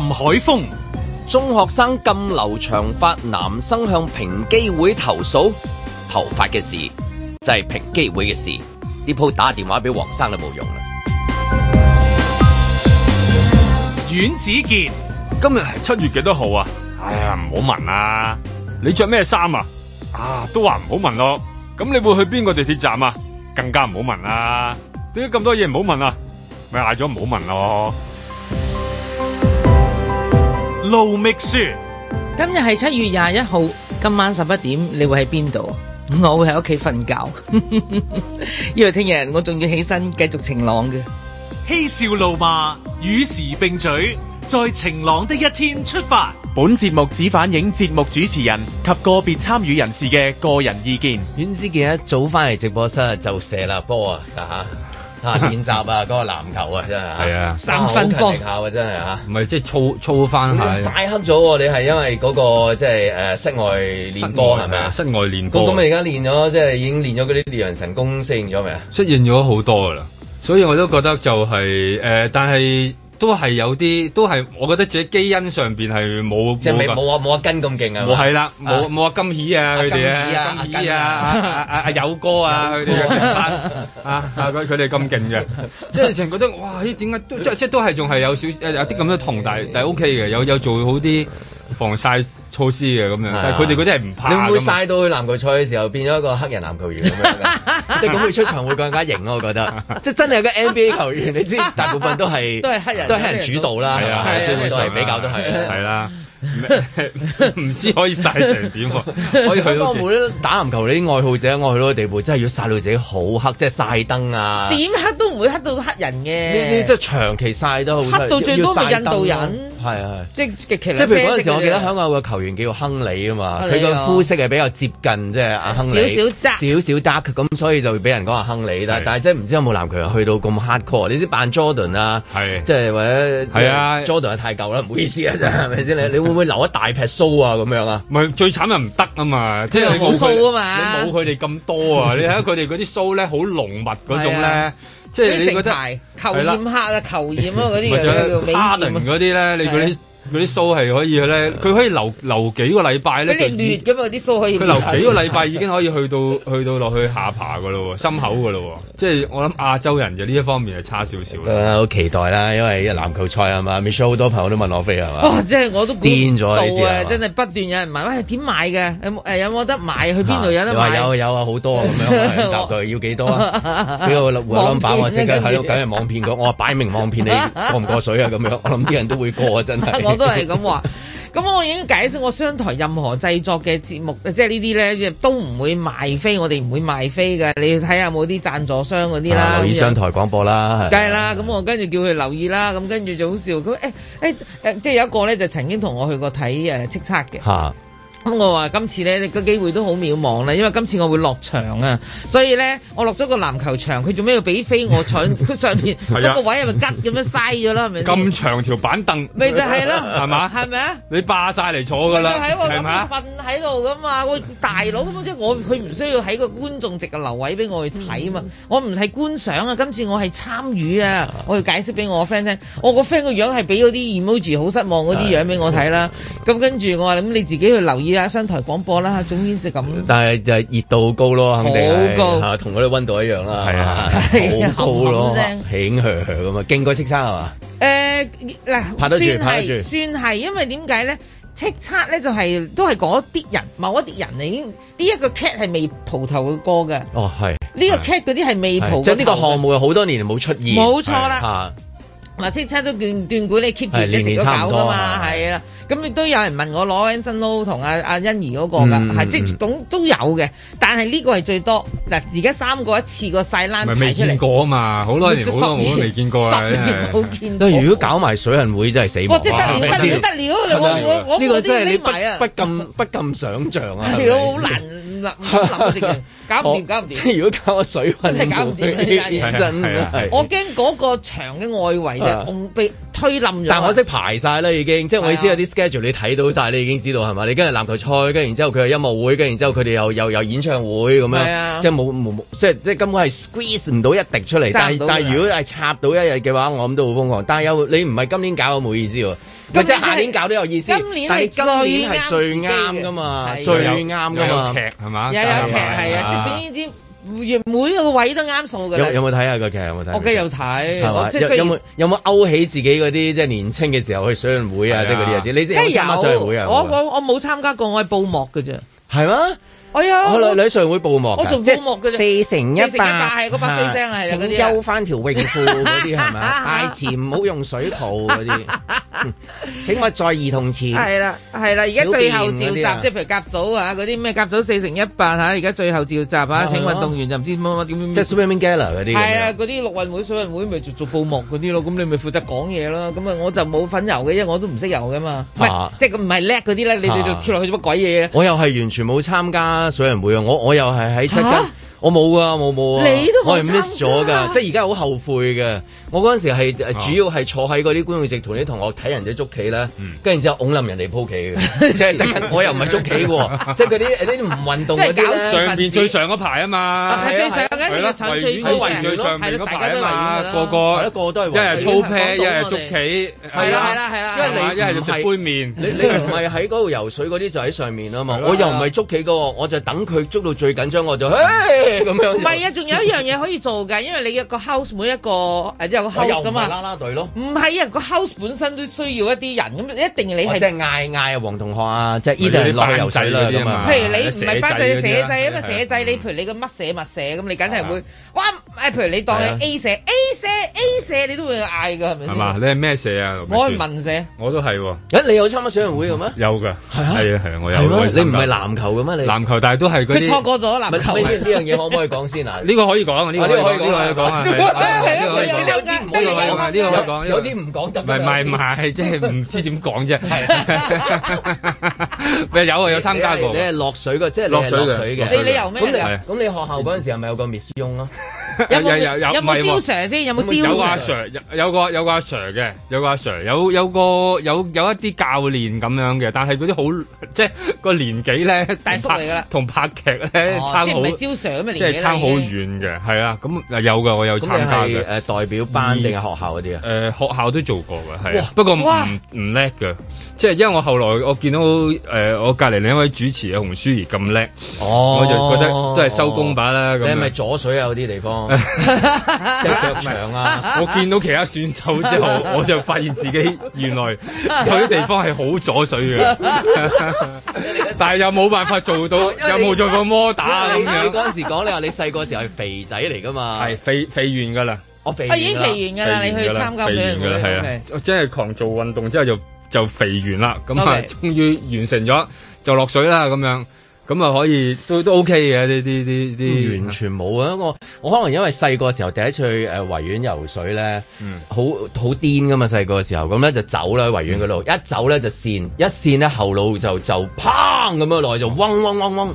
林海峰，中學生禁留長髮，男生向平機會投訴頭髮嘅事就係平機會嘅事，呢鋪打電話俾黃生都冇用啦。阮子健，今日係七月幾多號啊？哎呀，唔好問啊！你着咩衫啊？啊，都話唔好問咯。咁你會去邊個地鐵站啊？更加唔好問啦。點解咁多嘢唔好問啊？咪嗌咗唔好問咯。露秘書，今日係七月廿一號，今晚十一點你會喺邊度？我會喺屋企瞓覺， 因為聽日我仲要起身繼續晴朗嘅。嬉笑怒罵，與時並舉，在晴朗的一天出發。本節目只反映節目主持人及個別參與人士嘅個人意見。袁子健一早翻嚟直播室就射啦波啊！看看啊！練習啊，嗰個籃球啊，真係啊，三分球啊，真係啊，唔係即係操操翻下曬黑咗，你係因為嗰個即係誒室外練波係咪啊？室外練波。咁咁，你而家練咗，即係已經練咗嗰啲烈陽神功適應咗未啊？適應咗好多噶啦，所以我都覺得就係誒，但係，都係有啲，都係我覺得自己基因上邊係冇即係冇冇阿冇阿根咁勁啊！冇係啦，冇冇阿金喜啊佢哋啊，金喜啊，阿阿友哥啊佢哋嘅成班啊，啊啊佢哋咁勁嘅，即係成日覺得哇，點解都即係即係都係仲係有少有啲咁多同，大，但係 OK 嘅，有有做好啲。防曬措施嘅，咁樣，但係佢哋嗰啲係唔怕。你會唔會曬到去籃球賽嘅時候變咗一個黑人籃球員咁樣嘅？即係咁佢出場會更加型咯，我覺得。即係真係有個 NBA 球員，你知大部分都係都係黑人都係黑人主導啦。係啊，係，基本都係比較都係係啦。唔知可以晒成點？可以去到？打籃球呢啲愛好者，我去到個地步，真係要晒到自己好黑，即係晒燈啊！點黑都唔會黑到黑人嘅。即係長期晒都黑到最多嘅印度人。即係極其。即係譬如嗰陣時，我記得香港有個球員叫亨利啊嘛，佢個膚色係比較接近，即係阿亨利少少 dark 少少 dark 咁，所以就會俾人講話亨利。但係但係，真係唔知有冇籃球去到咁 hard core？你知扮 Jordan 啊，即係或者啊，Jordan 太舊啦，唔好意思啊，係咪先你？會唔會留一大撇須啊？咁樣啊？唔係最慘又唔得啊嘛！即係你冇須啊嘛，冇佢哋咁多啊！你睇下佢哋嗰啲須咧，好濃密嗰種咧，即係你覺得求染黑啊，球染啊嗰啲嘢，哈登嗰啲咧，你嗰啲。嗰啲鬚係可以咧，佢可以留留幾個禮拜咧，佢留幾個禮拜已經可以去到去到落去下巴噶咯，心口噶咯，即係我諗亞洲人就呢一方面係差少少啦。好期待啦，因為籃球賽啊嘛，Michelle 好多朋友都問我飛係嘛？哦，即係我都癲咗啊！真係不斷有人問，喂，點買嘅？有冇得買？去邊度有得買？有有啊，好多啊咁樣，答佢要幾多啊？俾個撚撚板我，即我梗係網騙，我擺明網騙，你過唔過水啊？咁樣我諗啲人都會過啊！真係。 都係咁話，咁我已經解釋我商台任何製作嘅節目，即係呢啲咧，都唔會賣飛，我哋唔會賣飛嘅。你要睇下冇啲贊助商嗰啲啦。留意商台廣播啦，梗係啦。咁我跟住叫佢留意啦。咁跟住就好笑。咁誒誒即係有一個咧，就曾經同我去過睇誒叱咤嘅。啊咁我話今次咧，呢個機會都好渺茫啦，因為今次我會落場啊，所以咧我落咗個籃球場，佢做咩要俾飛我搶？ 啊、上邊得個位係咪吉咁樣嘥咗啦？係咪？咁長條板凳咪就係咯，係嘛？係咪啊？你霸晒嚟坐㗎啦，係嘛？瞓喺度㗎嘛，我大佬咁即係我佢唔需要喺個觀眾席嘅留位俾我去睇啊嘛，我唔係觀賞啊，今次我係參與啊，我要解釋俾我個 friend 聽，我個 friend 個樣係俾嗰啲 emoji 好失望嗰啲樣俾的我睇啦、啊，咁跟住我話咁你自己去留意。而家商台廣播啦，總之就咁。但係就係熱度高咯，肯定好高！同嗰啲溫度一樣啦，係啊，好高咯，聲響響咁啊，勁過叱咤係嘛？誒嗱，算係算係，因為點解咧？叱咤咧就係都係嗰啲人，某一啲人嚟，已經呢一個 cat 係未蒲頭嘅歌嘅。哦，係呢個 cat 嗰啲係未蒲。即係呢個項目好多年冇出現，冇錯啦。即差咗段股，你 keep 住一直都搞㗎嘛，係啦。咁都有人問我攞 Anson Lo 同阿阿欣宜嗰個㗎，係即係總都有嘅。但係呢個係最多嗱，而家三個一次個細欄未見過啊嘛，好多年好多年都未見過啦。都如果搞埋水人會真係死亡。哇！真係不得了，不得了！我我我呢個真係你不不禁不禁想象啊。係好難。搞唔掂，搞唔掂。即係 如果搞個水位，真係搞唔掂，啊。真係，我驚嗰個場嘅外圍咧，被是是 推冧咗。但我識排晒啦，已經。是啊、即係我意思有啲 schedule 你睇到晒，你已經知道係嘛？你跟住籃球賽，跟然之後佢有音樂會，跟然之後佢哋又又，又有演唱會咁樣。是啊、即係冇冇即係即係根本係 squeeze 唔到一滴出嚟。不但係但係如果係插到一日嘅話，我諗都好瘋狂。但係有你唔係今年搞，我冇意思喎。咁即係今年係今年係最啱嘅嘛，最啱嘅嘛劇係嘛？有有劇係啊，即總之，每每一個位都啱數嘅。有有冇睇下個劇？有冇睇？我梗有睇，係有冇有冇勾起自己嗰啲即係年青嘅時候去水運會啊，即係嗰啲日子。梗有，你即係水運會啊？我我我冇參加過，我係報幕嘅啫。係咩？哎呀，女女上會報幕，我做報幕嘅啫，四成一百，嗰把衰聲係啊，請休翻條泳褲嗰啲係嘛，大池唔好用水泡嗰啲，請我再兒童池。係啦，係啦，而家最後召集，即係譬如甲組啊，嗰啲咩甲組四成一百吓，而家最後召集啊，請運動員就唔知點點點。即係 swimming gala 嗰啲。係啊，嗰啲陸運會、水運會咪就做報幕嗰啲咯，咁你咪負責講嘢咯。咁啊，我就冇份游嘅，因為我都唔識游噶嘛，唔係即係佢唔係叻嗰啲咧，你哋就跳落去做乜鬼嘢？我又係完全冇參加。人不啊，所以唔會啊！我我又係喺側間。我冇噶，冇冇啊！我係 miss 咗噶，即係而家好後悔嘅。我嗰陣時係主要係坐喺嗰啲觀眾席，同啲同學睇人哋捉棋啦。跟住之後冧人哋鋪棋嘅，即係即我又唔係捉棋喎，即係嗰啲啲唔運動嘅咧。上邊最上嗰排啊嘛，係最上嘅一層，最高圍住最上面嗰排啊嘛，個個一個都係粗皮，一係捉棋，係啦係啦係啦，一係一係食杯麵。你你唔係喺嗰度游水嗰啲就喺上面啊嘛，我又唔係捉棋個，我就等佢捉到最緊張我就。唔係啊，仲有一樣嘢可以做㗎，因為你一個 house 每一個誒有個 house 噶嘛，啦啦隊咯。唔係啊，個 house 本身都需要一啲人咁，一定你係即係嗌嗌啊黃同學啊，即係呢度落去游水啦咁啊。譬如你唔係班仔寫仔，寫仔，因為寫仔你譬如你個乜寫乜寫咁，你梗係會哇誒，譬如你當你 A 社、A 社、A 社，你都會嗌噶，係咪？係嘛，你係咩社啊？我係文社，我都係。一你有參加水運會嘅咩？有噶，係啊，係啊，我有。你唔係籃球嘅咩？你籃球，但係都係嗰啲。錯過咗籃球先呢樣嘢，可唔可以講先啊？呢個可以講啊，呢個可以講，呢個要講啊，呢個可以講。有啲唔好講啊，呢個要講。有啲唔講得。唔係唔係，即係唔知點講啫。係有啊，有參加過。你係落水嘅，即係落水嘅。你你游咩啊？咁你學校嗰陣時係咪有個 Miss Young 咯？有有有有有冇招 Sir 先？有冇招 Sir？有個 Sir，有個有個 Sir 嘅，有個阿 Sir，有有個有有一啲教練咁樣嘅，但係嗰啲好即係個年紀咧，大叔嚟噶同拍劇咧、哦、差好很，即係唔係招 Sir 即係差好遠嘅，係啊，咁、嗯、有噶，我有參加嘅。係代表班定係學校嗰啲啊？誒、嗯呃、學校都做過㗎，係、哦、不過唔唔叻嘅，即係因為我後來我見到誒、呃、我隔籬另一位主持啊洪舒怡咁叻，哦我就覺得都係收工把啦。哦、樣你係咪左水啊？有啲地方。腳 長啊！我見到其他選手之後，我就發現自己原來有啲地方係好阻水嘅， 但係又冇辦法做到，又冇做個摩打咁樣。你陣時講你話你細個時候係肥仔嚟噶嘛？係肥肥完噶啦，我、哦、肥完了、啊，已經的肥完噶啦。你去參加咗好多，係啊 Okay.，我真係狂做運動之後就就肥完啦。咁啊，終於 Okay. 完成咗就落水啦咁樣。咁啊可以都都 OK 嘅呢啲啲啲，完全冇啊！我我可能因為細個時候第一次去誒、呃、維園游水咧，好好、嗯、癲噶嘛！細個時候咁咧就走啦，喺維園嗰度一走咧就跣，一跣咧後路就就砰咁樣落去，就嗡嗡嗡嗡。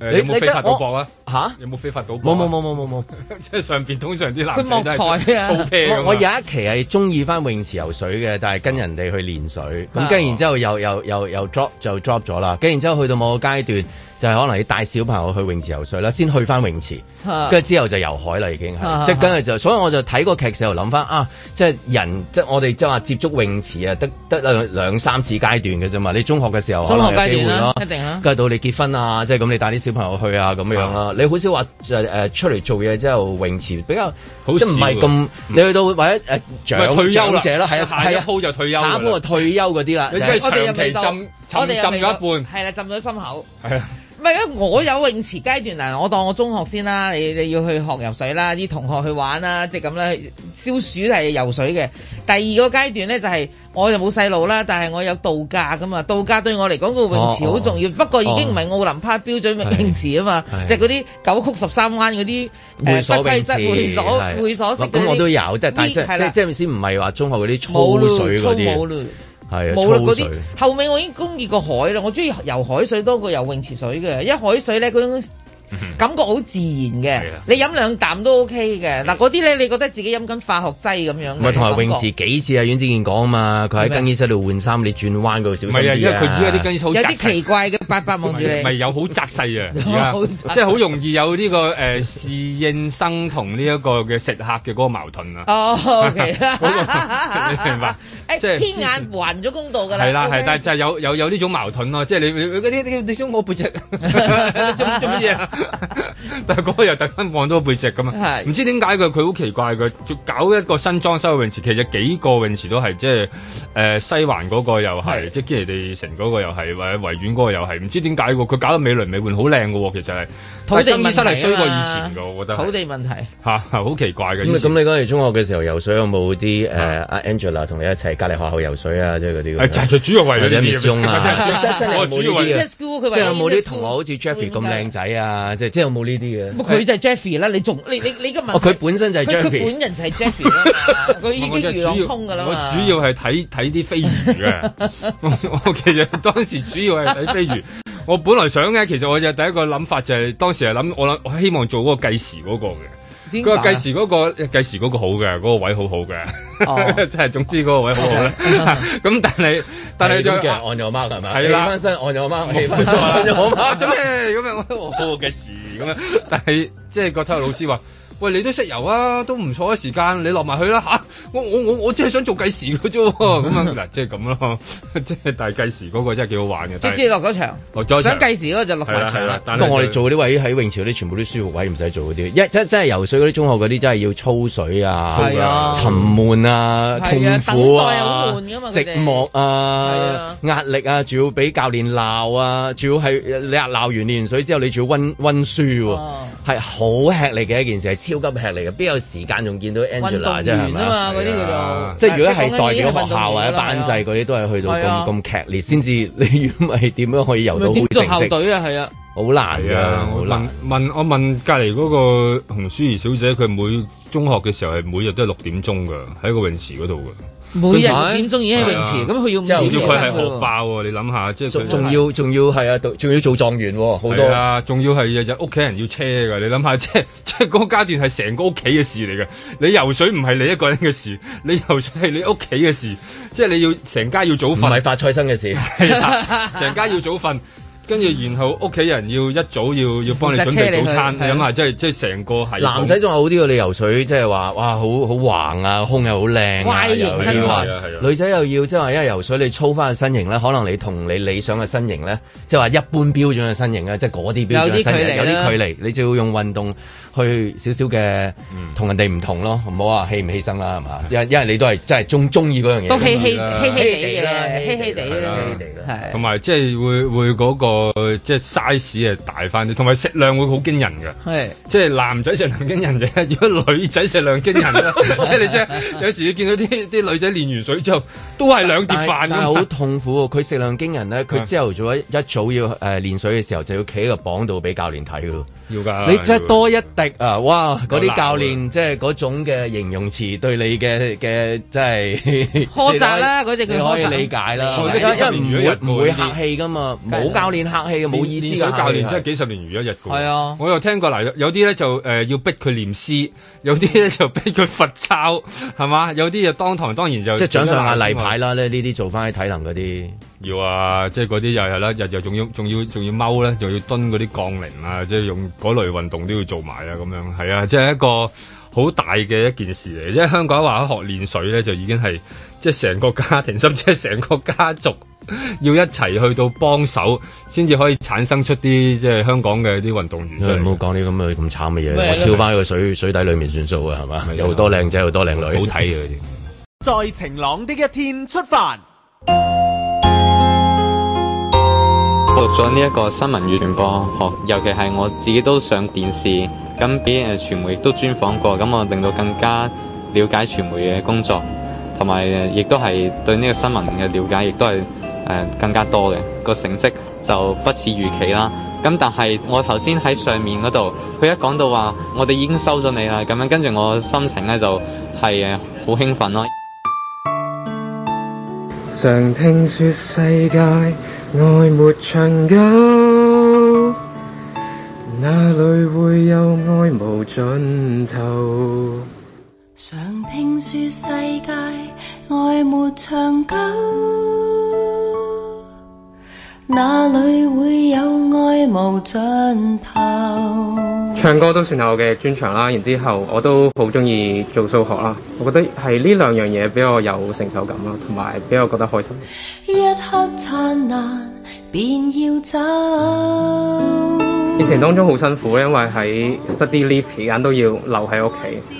你，你有冇非法賭博啊？吓？啊、有冇非法賭博，啊？冇冇冇冇冇冇！即係上邊通常啲男仔都係我，我有一期係中意翻泳池游水嘅，但係跟人哋去練水，咁跟 然之後又 又又又，又 drop 就 drop 咗啦，跟然之後去到某個階段。就係可能要帶小朋友去泳池游水啦，先去翻泳池，跟住之後就游海啦，已經係即係跟住就，所以我就睇個劇時候諗翻啊，即係人即係我哋即係話接觸泳池啊，得得兩三次階段嘅啫嘛。你中學嘅時候可能有機會咯，到你結婚啊，即係咁你帶啲小朋友去啊咁樣啦。你好少話誒出嚟做嘢之後泳池比較即唔係咁？你去到或者退休者啦，係啊，一鋪就退休，打鋪退休嗰啲啦，你即浸咗一半，係浸咗心口，唔係啊！我有泳池階段嗱，我當我中學先啦，你你要去學游水啦，啲同學去玩啦，即係咁啦。消暑係游水嘅。第二個階段咧就係、是，我就冇細路啦，但係我有度假噶嘛。度假對我嚟講個泳池好重要，哦哦、不過已經唔係奧林匹克標準嘅泳池啊嘛，即係嗰啲九曲十三灣嗰啲不規則會所泳池，呃、不會所的會所食咁我都有，但係即的的即係唔係話中學嗰啲粗場係，冇啦嗰啲。後尾我已經工意過海啦，我中意游海水多過游泳池水嘅，因為海水咧嗰種。感覺好自然嘅，你飲兩啖都 OK 嘅。嗱，嗰啲咧，你覺得自己飲緊化學劑咁樣唔係，同埋泳池幾次啊？阮志健講啊嘛，佢喺更衣室度換衫，你轉彎嗰度小心啲啊。佢煮嗰啲更衣好窄。有啲奇怪嘅，伯伯望住你。咪有好窄細啊？有，即係好容易有呢個誒侍應生同呢一個嘅食客嘅嗰個矛盾啊。哦，OK，你明白。誒，天眼還咗公道噶啦。係啦，係，但係就係有有有呢種矛盾咯。即係你你你，啲你你你，中我背脊做乜嘢？但係嗰又突然間望到背脊咁啊，唔知點解佢佢好奇怪嘅，搞一個新裝修嘅泳池，其實幾個泳池都係即係誒西環嗰個又係，即係堅尼地城嗰個又係，或者維園嗰個又係，唔知點解佢搞到美輪美奐，好靚嘅，其實係土地本身係衰過以前㗎。我覺得土地問題吓，好、啊、奇怪嘅。咁你講嚟中學嘅時候游水有冇啲誒阿 Angela 同你一齊隔籬學校游水，就是，啊？即係嗰啲誒，就是，主要為，啊啊啊啊啊、主要咗 school，佢有冇啲同學好似 Jeffy 咁靚仔啊？啊就是、即即有冇呢啲嘅？佢就係 Jeffy 啦，你仲你你你嘅問題佢本身就係 Jeffy，佢本人就係 Jeffy 啦，佢已經魚浪衝噶啦我，我主要係睇睇啲飛魚嘅， 我其實當時主要係睇飛魚。 我本來想嘅，其實我嘅第一個諗法就係、是、當時係諗，我諗我希望做嗰個計時嗰、那個嘅。佢話計時嗰個計時嗰個好嘅，嗰個位好好嘅，即係總之嗰個位好好咧。咁但係但係再按住我媽係咪？你翻身按住我媽，起翻身按住我咁樣我好計時咁樣。但係即係個體育老師話。喂，你都識游啊，都唔錯嘅時間，你落埋去啦吓，我我我我只係想做計時嘅啫，咁樣嗱，即係咁咯，即係大計時嗰個真係幾好玩嘅。即係落咗場，想計時嗰就落埋場啦。不過我哋做嗰啲位喺泳池嗰啲，全部都舒服位，唔使做嗰啲。一真真係游水嗰啲，中學嗰啲真係要操水啊，沉悶啊，痛苦啊，悶嘛。寂寞啊，壓力啊，仲要俾教練鬧啊，仲要係你啊鬧完練完水之後，你仲要溫溫書，係好吃力嘅一件事。超級吃力嘅，邊有時間仲見到 Angela 啫係啊嘛，嗰啲叫做即係如果係代表學校或者班際嗰啲，都係去到咁咁、啊、劇烈，先至、啊、你咪點樣可以游到好成績？點入校隊啊？係啊，好難㗎！問、啊、我問隔離嗰個洪舒兒小姐，佢每中學嘅時候係每日都係六點鐘嘅，喺個泳池嗰度每日五點鐘已經喺泳池，咁佢、啊，要五點瞓覺，佢係好爆喎，還你諗下，即係仲仲要仲要係啊，仲要做狀元好多。係啊，仲要係日日屋企人要車噶，你諗下，即係即係嗰個階段係成個屋企嘅事嚟嘅。你游水唔係你一個人嘅事，你游水係你屋企嘅事，即係你要成家要早瞓。唔係發菜生嘅事，成 啊、家要早瞓。跟住，然後屋企人要一早要要幫你準備早餐，你諗下，即係即係成個係。男仔仲好啲㗎，你游水即係話，哇，好好橫啊，胸又好靚、啊，怪、哎、泳身材。女仔又要即係話，一游水你操翻個身形咧，可能你同你理想嘅身形咧，即係話一般標準嘅身形咧，即係嗰啲標準身形有啲距離有啲距離，你就要用運動。去少少嘅同人哋唔同咯，唔好話犧唔犧牲啦，係嘛？因因為你都係真係中中意嗰樣嘢，都稀稀哋嘅，稀稀哋啦，同埋即係會會嗰個即係 size 係大翻啲，同埋食量會好驚人嘅，即係男仔食量驚人嘅，如果女仔食量驚人即係你即有時你見到啲啲女仔練完水之後都係兩碟飯但好痛苦。佢食量驚人咧，佢朝頭早一早要誒練水嘅時候就要企喺個磅度俾教練睇噶。你即係多一滴啊！哇，嗰啲教練即係嗰種嘅形容詞對你嘅嘅，即係苛責啦，嗰你可以理解啦。因為唔會唔會客氣噶嘛？冇教練客氣嘅，冇意思嘅。教練真係幾十年如一日嘅。係啊，我又聽過，嗱，有啲咧就誒要逼佢念詩，有啲咧就逼佢罰抄，係嘛？有啲就當堂當然就即係掌上壓例牌啦。呢啲做翻啲體能嗰啲。要啊，即係嗰啲又係啦，日日仲要仲要仲要踎咧，仲要蹲嗰啲槓鈴啊，即係用嗰類運動都要做埋啊，咁樣係啊，即係一個好大嘅一件事嚟。即係香港話學練水咧，就已經係即係成個家庭，甚至係成個家族要一齊去到幫手，先至可以產生出啲即係香港嘅啲運動員。唔好講啲咁嘅咁慘嘅嘢，我跳翻去水水底裏面算數啊，係嘛？又的多靚仔又多靚女，女好睇啊！看 在晴朗的一天出發。讀咗呢一個新聞與傳播學，尤其係我自己都上電視，咁俾人傳媒亦都專訪過，咁我令到更加了解傳媒嘅工作，同埋亦都係對呢個新聞嘅了解亦都係誒更加多嘅。個成績就不似預期啦。咁但係我頭先喺上面嗰度，佢一講到話我哋已經收咗你啦，咁樣跟住我心情咧就係誒好興奮囉。常聽說世界。愛沒長久，哪裏會有愛無盡頭？常聽說世界愛沒長久。有唱歌都算係我嘅專長啦，然之後我都好中意做數學啦。我覺得係呢兩樣嘢比較有成就感啦，同埋比較覺得開心。一刻燦爛便要走，疫情當中好辛苦，因為喺 study leave 期間都要留喺屋企，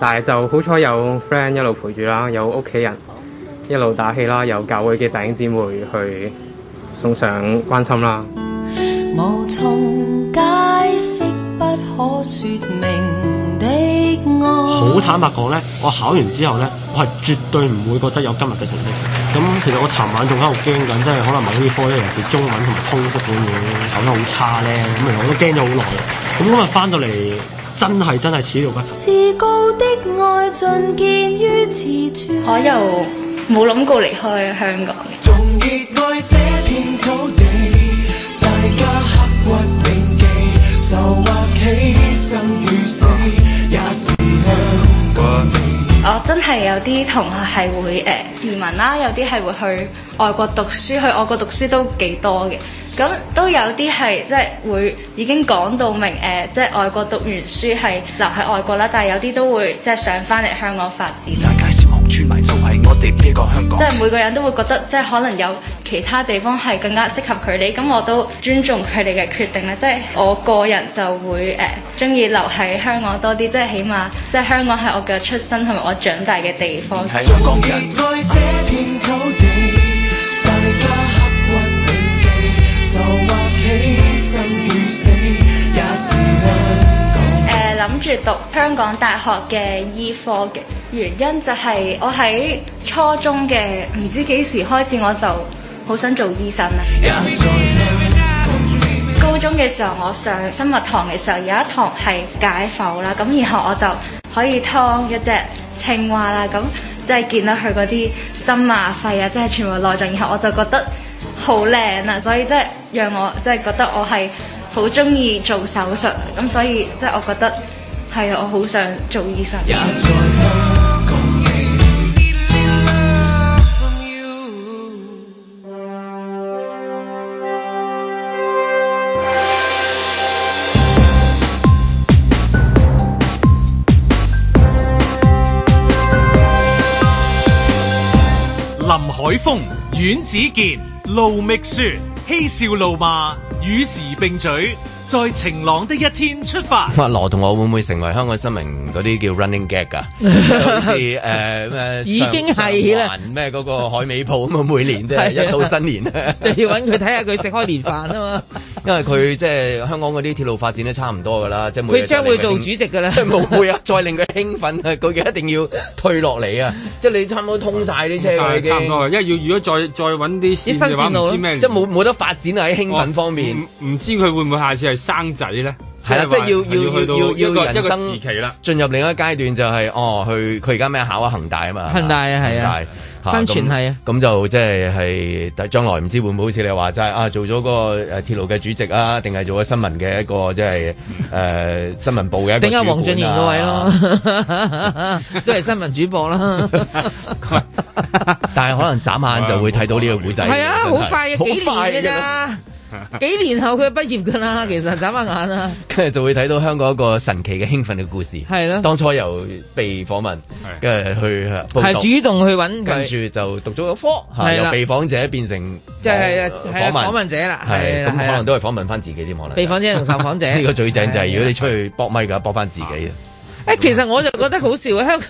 但係就好彩有 friend 一路陪住啦，有屋企人一路打氣啦，有教會嘅弟兄姊妹去。送上關心啦！無從解釋不可說明的愛。好坦白講咧，我考完之後咧，我係絕對唔會覺得有今日嘅成績。咁其實我尋晚仲喺度驚緊，即係可能某啲科咧，尤其中文同埋通識本啲嘢考得好差咧，咁啊我都驚咗好耐。咁今日翻到嚟，真係真係始料不及。我又冇諗過離開香港。我真係有啲同學係會誒、呃、移民啦，有啲係會去外國讀書，去外國讀書都幾多嘅。咁都有啲係即係會已經講到明、呃、即係外國讀完書係留喺外國啦，但係有啲都會即係想翻嚟香港發展。即係每個人都會覺得，即係可能有其他地方係更加適合佢哋，咁我都尊重佢哋嘅決定啦。即係我個人就會誒，中、呃、意留喺香港多啲，即係起碼，即係香港係我嘅出生同埋我長大嘅地方。大家係香港人。諗住讀香港大學嘅醫科嘅原因就係，我喺初中嘅唔知幾時開始，我就好想做醫生啦。高中嘅時候我上生物堂嘅時候有一堂係解剖啦，咁然後我就可以劏一隻青蛙啦，咁即係見到佢嗰啲心啊肺啊，即係全部內臟，然後我就覺得好靚啦，所以即係讓我即係覺得我係。好鍾意做手術，咁所以即係我覺得係我好想做醫生。林海峰、阮子健、盧覓雪、嬉笑怒罵。與時並舉。在晴朗的一天出發，阿羅同我會唔會成為香港新聞嗰啲叫 Running gag 㗎？好似誒咩已經係啦，咩嗰個海尾鋪咁啊！每年即係一到新年咧，就要揾佢睇下佢食開年飯啊嘛！因為佢即係香港嗰啲鐵路發展都差唔多㗎啦，即係佢將會做主席㗎咧，即係冇會啊！再令佢興奮啊！佢一定要退落嚟啊！即係你差唔多通晒啲車已經，差唔多，因為要如果再再揾啲新線路，即係冇冇得發展喺興奮方面。唔唔知佢會唔會下次係？生仔咧，係啦、啊，即、就、係、是、要要要要，要人生一時期啦，進入另一個階段就係、是、哦，去佢而家咩考啊恒大，大啊嘛，恒大啊係啊，生存係啊，咁、啊、就即係係將來唔知會唔會好似你話齋、就是、啊，做咗個誒鐵路嘅主席啊，定係做咗新聞嘅一個即係誒新聞部嘅、啊。一定係黃俊賢位咯， 都係新聞主播啦， 但係可能眨眼就會睇到呢個古仔。係啊，好快好幾年咋？幾年後佢畢業噶啦，其實眨下眼啦，跟住就會睇到香港一個神奇嘅興奮嘅故事。係啦，當初由被訪問，跟住去係主動去搵佢，跟住就讀咗一科，由被訪者變成即係訪訪問者啦。係咁，可能都係訪問翻自己添，可能被訪者同受訪者呢個最正就係，如果你出去搏咪㗎，搏翻自己啊！誒，其實我就覺得好笑嘅香。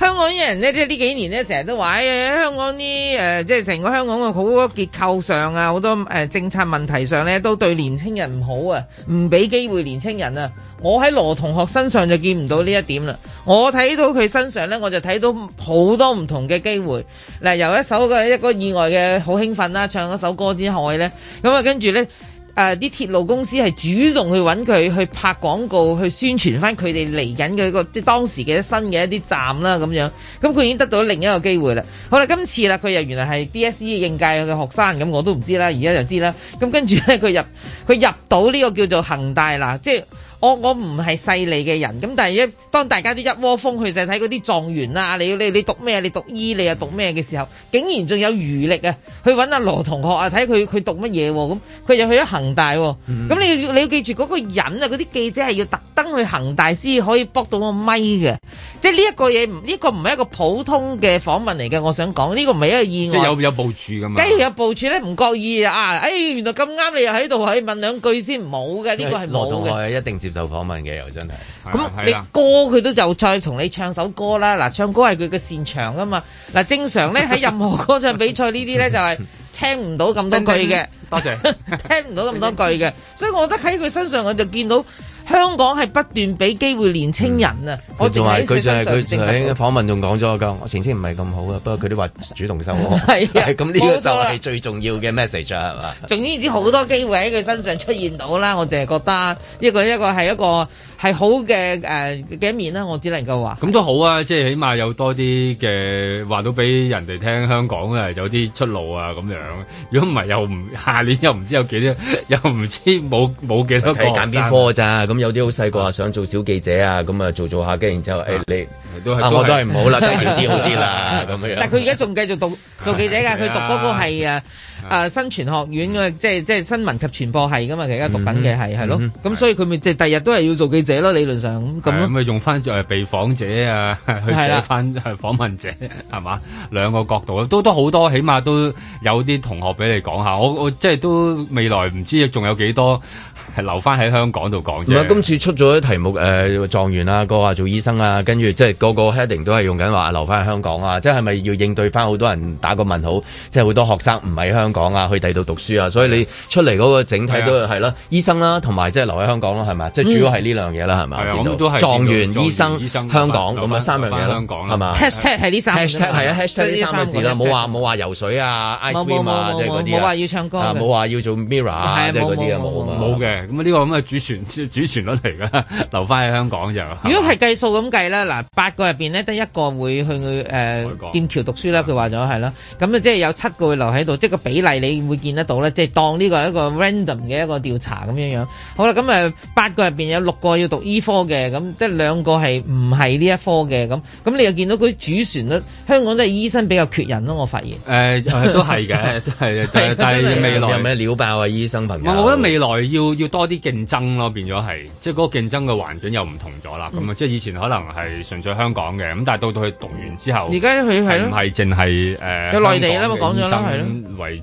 香港啲人咧，即係呢幾年咧，成日都話喺香港啲誒，即係成個香港嘅好多結構上啊，好多誒政策問題上咧，都對年青人唔好啊，唔俾機會年青人啊。我喺羅同學身上就見唔到呢一點啦，我睇到佢身上咧，我就睇到好多唔同嘅機會。嗱，由一首嘅一個意外嘅好興奮啦，唱一首歌之後咧，咁啊，跟住咧。誒，啲鐵路公司係主動去揾佢去拍廣告，去宣傳翻佢哋嚟緊嘅一個，即係當時嘅新嘅一啲站啦咁樣，咁佢已經得到另一個機會啦。好啦，今次啦，佢又原來係 DSE 應屆嘅學生，咁我都唔知啦，而家就知啦。咁跟住呢，佢入佢入到呢個叫做恒大啦，即係。我我唔係勢利嘅人，咁但係一當大家都一窩蜂，蜂去就睇嗰啲狀元啊。你你你讀咩？你讀醫，你又讀咩嘅時候，竟然仲有餘力啊？去揾阿羅同學啊，睇佢佢讀乜嘢喎？咁、哦、佢就去咗恒大喎。咁、嗯嗯、你要你要記住嗰、嗰個人啊，嗰啲記者係要特登去恒大先可以搏到個咪嘅，即係呢一個嘢，呢、呢個唔係一個普通嘅訪問嚟嘅。我想講呢、呢個唔係一個意外。即係有有部署㗎嘛？梗係有部署咧，唔覺意啊！哎，原來咁啱你又喺度，可以問兩句先冇嘅。呢個係羅同學一定接受訪問嘅又真係，咁你歌佢都就再同你唱首歌啦。嗱，唱歌係佢嘅擅長㗎嘛。嗱，正常咧喺任何歌唱比賽呢啲咧就係聽唔到咁多句嘅，多謝，聽唔到咁多句嘅，所以我覺得喺佢身上我就見到。香港係不斷俾機會年青人啊！嗯、我仲係佢就係佢淨係訪問仲講咗㗎，嗯、我成績唔係咁好啊，不過佢都話主動收我係 啊，咁呢 個就係最重要嘅 message 係嘛？吧總言之，好多機會喺佢身上出現到啦， 我淨係覺得一個一個係一個。係好嘅誒幾面咧，我只能夠話咁都好啊，即係起碼有多啲嘅話到俾人哋聽，香港嘅有啲出路啊咁樣。如果唔係又唔下年又唔知有幾多，又唔知冇冇幾多個。睇揀邊科㗎咋？咁有啲好細個啊，想做小記者啊，咁啊做做下跟，然之後誒你都係啊，我都係唔好啦，讀啲好啲啦咁樣。但係佢而家仲繼續讀做記者㗎，佢讀嗰個係啊。啊！新傳學院嘅，嗯、即係即係新聞及傳播系噶嘛，佢而家讀緊嘅係係咯，咁所以佢咪即係第日都係要做記者咯，理論上咁咁咪用翻做被訪者啊，去寫返訪問者係嘛是的？ 兩個角度都都好多，起碼都有啲同學俾你講下。我我即係都未來唔知仲有幾多留翻喺香港度講。唔係今次出咗題目誒，呃，狀元啦，啊，個話做醫生啊，跟住即係個個 heading 都係用緊話留翻喺香港啊！即係咪要應對翻好多人打個問號？即係好多學生唔喺香港。港啊，去第度讀書啊，所以你出嚟嗰個整體都係啦，醫生啦，同埋即係留喺香港咯，係嘛，即係主要係呢樣嘢啦，係嘛，都到狀元醫生香港咁啊，三樣嘢香港，係嘛。Hashtag 係呢三，係啊 Hashtag 呢三個字啦，冇話冇話游水啊，Ice 啊，即係啲冇話要唱歌，冇話要做 Mirror 啊，嗰啲啊，冇啊，冇嘅。咁呢個咁嘅主傳主旋律嚟噶，留翻喺香港就。如果係計數咁計啦，嗱，八個入邊咧，得一個會去誒劍橋讀書啦，佢話咗係啦。咁即係有七個會留喺度，即係個例，你會見得到咧，即係當呢個係一個 random 嘅一個調查咁樣樣。好啦，咁誒八個入邊有六個要讀醫科嘅，咁即係兩個係唔係呢一科嘅。咁咁你又見到佢主旋律，香港都係醫生比較缺人咯。我發現誒，都係嘅， 都係嘅。 但係未，未來未有咩料爆啊？醫生朋友，我覺得未來要要多啲競爭咯，變咗係即係嗰個競爭嘅環境又唔同咗啦。咁即係以前可能係純粹香港嘅，咁但係到到去讀完之後，而家佢係唔係淨係誒有內地啦，講咗係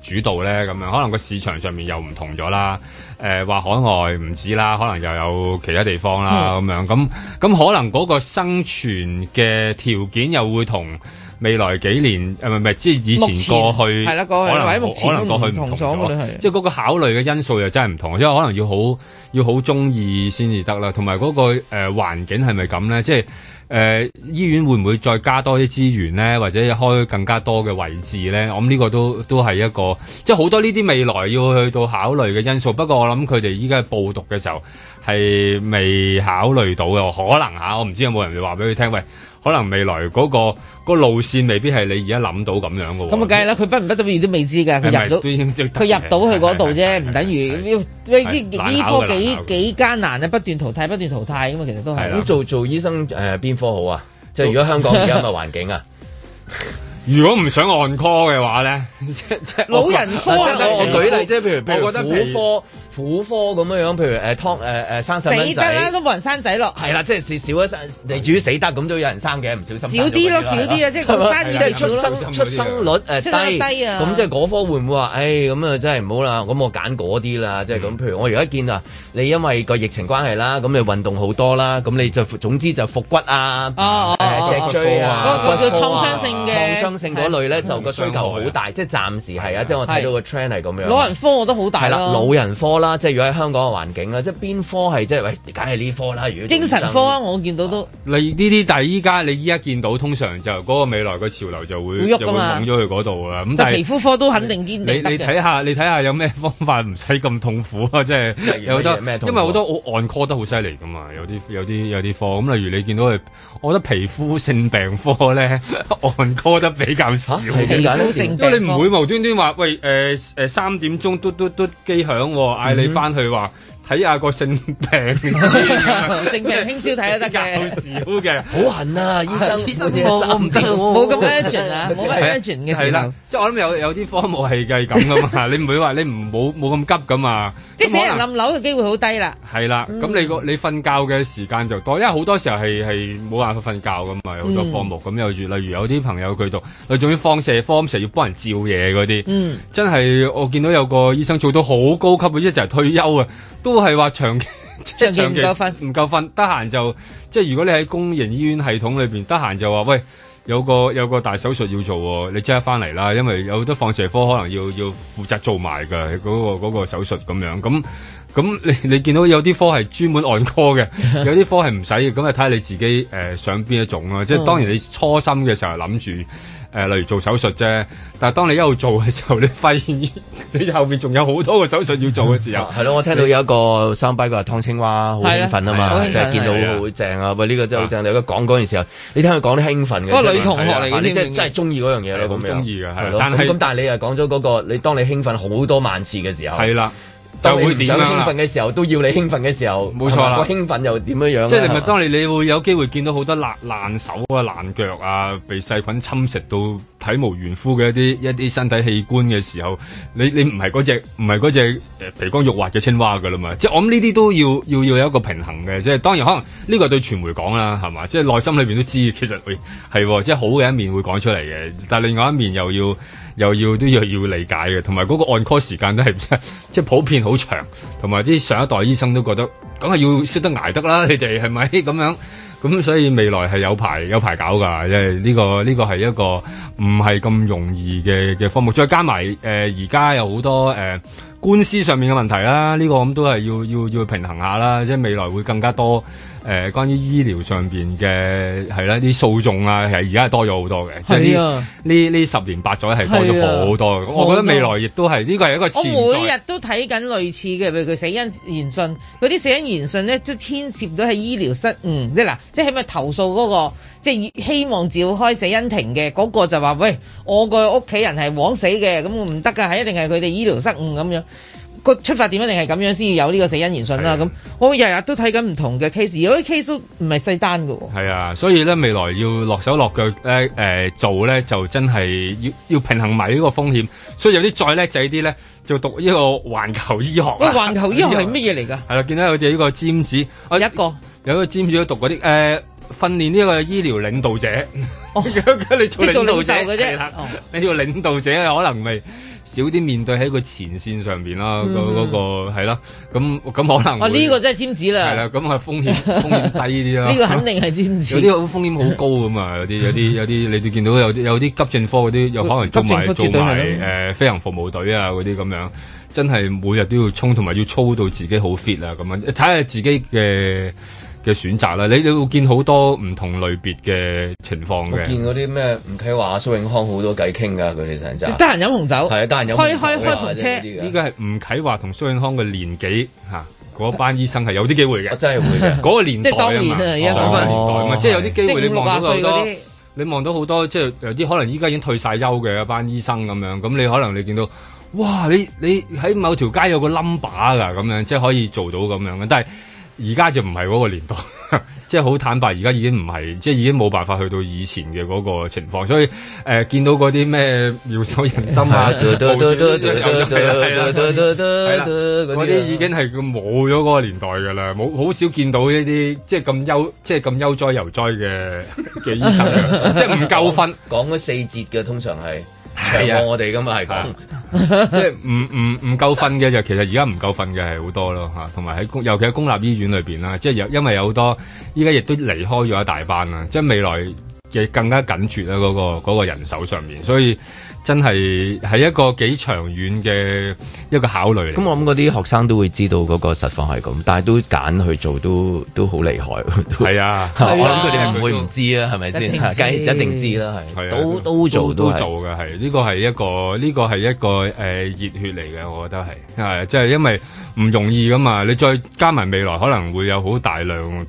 主導咧，咁樣可能個市場上面又唔同咗啦。誒，話海外唔止啦，可能又有其他地方啦咁、嗯、樣。咁咁可能嗰個生存嘅條件又會同未來幾年誒，唔前即係以前過去係啦，過去可能喺目前唔同咗，即係嗰個考慮嘅因素又真係唔同，的因為可能要好要好中意先至得啦。同埋嗰個環、呃、環境係咪咁咧？即係。誒、呃、醫院會唔會再加多啲資源呢？或者開更加多嘅位置呢？我諗呢個都都係一個即係好多呢啲未來要去到考慮嘅因素。不過我諗佢哋依家報讀嘅時候係未考慮到嘅，可能下、啊，我唔知有冇人會話俾佢聽喂。可能未來嗰個個路線未必係你而家諗到咁樣嘅，咁啊梗係啦，佢不唔不得而知都未知嘅，佢入到佢入到去嗰度啫，唔等於未呢科幾幾艱難啊！不斷淘汰，不斷淘汰嘅嘛，其實都係咁做做醫生誒，邊科好啊？即係如果香港而家嘅環境啊，如果唔想按 call 嘅話咧，即即老人科我我舉例啫，譬如譬如骨科。婦科咁樣樣，譬如誒湯誒誒生細蚊仔死得啦，都冇人生仔咯。係啦，即係少一生，你至於死得咁都有人生嘅，唔小心少啲咯，少啲啊，即係咁生，即係出生出生率低低，咁即係嗰科會唔會話誒咁啊？真係唔好啦，咁我揀嗰啲啦，即係咁。譬如我而家見啊，你因為個疫情關係啦，咁你運動好多啦，咁你就總之就復骨啊，誒脊椎啊，嗰個叫創傷性嘅創傷性嗰類咧，就個需求好大，即係暫時係啊，即係我睇到個 trend 係咁樣。老人科我都好大啦，老人科啦。即係如果喺香港嘅環境啦，即係邊科係即係喂，梗係呢科啦。如果精神科，啊，我見到都你呢啲，但係依家你依家見到，通常就嗰個未來嘅潮流就會會喐咗去嗰度啦。咁但係皮膚科都肯定堅定。你睇下，你睇下有咩方法唔使咁痛苦啊？即係有好多，因為好多我 on call 得好犀利㗎嘛，有啲有啲有啲科咁。例如你見到佢，我覺得皮膚性病科咧，on call 得比較少。嚇，皮膚性病科，因為你唔會無端端話喂誒誒三點鐘嘟嘟嘟機響嗌。你翻去話。睇下個性病，性病聽朝睇都得嘅，好少嘅，好痕啊！醫生，我我唔得，冇咁 urgent 啊，冇咁 urgent 嘅事啦，即係我諗有有啲科目係咁㗎嘛，你唔會話你唔冇冇咁急㗎嘛。即係死人冧樓嘅機會好低啦。係啦，咁你個你瞓覺嘅時間就多，因為好多時候係係冇辦法瞓覺㗎嘛，有好多科目咁又如例如有啲朋友佢讀佢仲要放射科，放射要幫人照嘢嗰啲，真係我見到有個醫生做到好高級，一就係退休啊，都～都係話長期，長期唔夠瞓，唔夠瞓，得閒就即係如果你喺公營醫院系統裏邊，得閒就話喂，有個有個大手術要做，你即刻翻嚟啦，因為有好多放射科可能要要負責做埋㗎嗰個嗰、嗰個手術咁樣，咁咁你你見到有啲科係專門外科嘅，有啲科係唔使嘅，咁啊睇下你自己誒、呃、想邊一種咯，即係當然你初心嘅時候諗住。誒，例如做手術啫，但係當你一路做嘅時候，你發現你後面仲有好多個手術要做嘅時候，係咯，我聽到有一個三仔嘅話，湯青蛙好興奮啊嘛，即係見到好正啊，喂，呢個真係好正，你而家講嗰陣時候，你聽佢講啲興奮嘅，嗰個女同學嚟，你真真係中意嗰樣嘢咯，咁樣係咯，咁但係你又講咗嗰個，你當你興奮好多萬次嘅時候，係啦。當你就會點啦。興奮嘅時候都要你興奮嘅時候，冇錯啦。嗰個、興奮又點樣樣？即係你咪當你你會有機會見到好多爛爛手爛腳啊、爛腳啊，被細菌侵蝕到體無完膚嘅一啲一啲身體器官嘅時候，你你唔係嗰隻唔係嗰隻皮光肉滑嘅青蛙噶啦嘛？即係我諗呢啲都要要要有一個平衡嘅。即係當然可能呢個對傳媒講啦，係嘛？即係內心裏邊都知，其實會係即係好嘅一面會講出嚟嘅，但係另外一面又要。又要都要要理解嘅，同埋嗰個 on call 時間都係即係普遍好長，同埋啲上一代醫生都覺得，梗係要識得捱得啦，你哋係咪咁樣？咁所以未來係有排有排搞㗎，因為呢個呢、呢個係一個唔係咁容易嘅嘅科目，再加埋誒而家有好多誒、呃、官司上面嘅問題啦，呢個咁都係要要要平衡下啦，即係未來會更加多。誒、呃，關於醫療上面嘅係啦，啲、啊、訴訟啊，係而家係多咗好多嘅，啊、即係呢呢十年八載係多咗好多嘅。啊、我覺得未來亦都係呢個係一個潛在。我每日都睇緊類似嘅，譬如佢死因言訊，嗰啲死因言訊咧，即係牽涉到係醫療失誤。即係嗱，即係咪投訴嗰、那個，即、就、係、是、希望召開死因庭嘅嗰個就話：喂，我個屋企人係枉死嘅，咁唔得㗎，係一定係佢哋醫療失誤咁樣。出發點一定係咁樣先有呢個死因言順啦。咁的我日日都睇緊唔同嘅 case，有啲 case 都唔係細單喎。係啊，所以咧未來要落手落腳咧誒做咧，就真係要要平衡埋呢個風險。所以有啲再叻仔啲咧，就讀呢個環球醫學。環球醫學係乜嘢嚟噶？係啦， 見到佢哋呢個尖子，啊、一個有一個有一個尖子讀嗰啲誒訓練呢個醫療領導者。哦，即 你做領導者嘅啫，你要領導者可能未。少啲面對喺個前線上邊啦，嗯，嗰個嗰個係啦，咁咁可能呢、哦呢個真係簽紙啦。係啦，咁個風險風險低啲啦。呢 個肯定係簽紙。呢啲好風險好高咁啊！有啲有啲有啲，你哋見到有啲有啲急症科嗰啲，又可能做埋症做埋誒、呃、飛行服務隊啊嗰啲咁樣，真係每日都要衝，同埋要操到自己好 fit 啊咁啊！睇下自己嘅。嘅選擇啦，你你會見好多唔同類別嘅情況嘅。我見嗰啲咩吳啟華、蘇永康好多偈傾噶，佢哋成日得閒飲紅酒，係啊，得閒開開開台車。依家係吳啟華同蘇永康嘅年紀吓，嗰班醫生係有啲機會嘅。我真係會，嗰個年代啊嘛，嗰個年代啊即係有啲機會。你望到好多，你望到好多，即係有啲可能依家已經退晒休嘅一班醫生咁樣。咁你可能你見到，哇！你你喺某條街有個 number 噶咁樣，即係可以做到咁樣嘅，但係而家就唔係嗰個年代，呵呵，即係好坦白，而家已經唔係，即係已經冇辦法去到以前嘅嗰個情況。所以誒、呃，見到嗰啲咩妙手仁心啊，嗰啲已經係冇咗嗰個年代㗎啦。冇好少見到呢啲即係咁悠，即係咁悠哉悠哉嘅嘅醫生， 即係唔夠分講咗四節嘅，通常係。係啊，我哋噶嘛係講，即係唔唔唔夠瞓嘅就，其實而家唔夠瞓嘅係好多咯吓，同埋喺公，尤其喺公立醫院裏邊啦，即係有，因為有好多，依家亦都離開咗一大班啦，即係未來亦更加緊缺啦嗰個嗰、嗰個人手上面，所以。真係係一個幾長遠嘅一個考慮嚟。咁我諗嗰啲學生都會知道嗰個實況係咁，但係都揀去做都都好厲害。係啊，都啊我諗佢哋係唔會唔知啦，係咪先？吧一定知啦，係都都，都做都，都做嘅係呢個係一個呢、這個係一個誒熱、呃、血嚟嘅，我覺得係即係因為唔容易噶嘛。你再加埋未來可能會有好大量。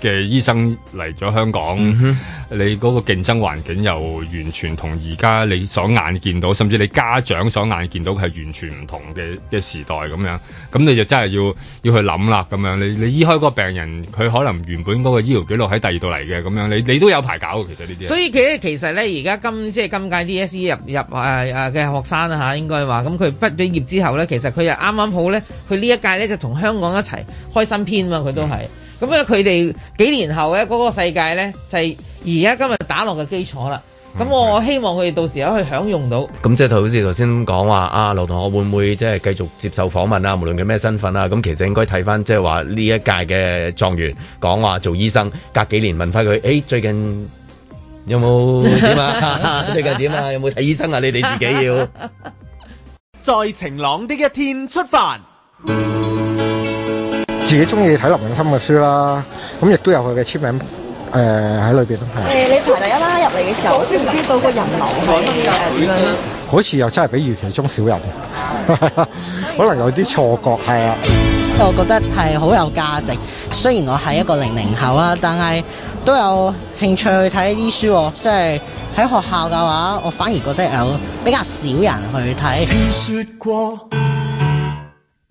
嘅醫生嚟咗香港，嗯、哼你嗰個競爭環境又完全同而家你所眼見到，甚至你家長所眼見到係完全唔同嘅嘅時代咁樣，咁你就真係要要去諗啦咁樣。你你醫開個病人，佢可能原本嗰個醫療記錄喺第二度嚟嘅咁樣，你你都有排搞其實呢啲。所以其實咧，而家今即係、就是、今屆 DSE 入入嘅、啊啊、學生啊嚇，應該話咁佢畢咗業之後咧，其實佢又啱啱好咧，佢呢一屆咧就同香港一齊開新篇嘛、啊，佢都係。嗯咁佢哋幾年後咧，嗰個世界咧就係而家今日打落嘅基礎啦。咁、嗯、我希望佢哋到時候可以享用到。咁即係好似頭先講話啊，劉同學會唔會即係繼續接受訪問啊？無論佢咩身份啊，咁其實應該睇翻即係話呢一屆嘅狀元講話做醫生，隔幾年問翻佢，誒、欸、最近有冇點啊？ 最近點啊？有冇睇醫生啊？你哋自己要。在 晴朗的一天出發。自己中意睇林永森嘅書啦，咁亦都有佢嘅簽名誒喺裏邊咯。誒、呃欸，你排第一啦！入嚟嘅時候，我都唔知道個人流。好多人去啦。好似又真係比預期中少人，嗯、 可能有啲錯覺。係啊，我覺得係好有價值。雖然我係一個零零後啊，但係都有興趣去睇呢啲書喎。即係喺學校嘅話，我反而覺得有比較少人去睇。聽說過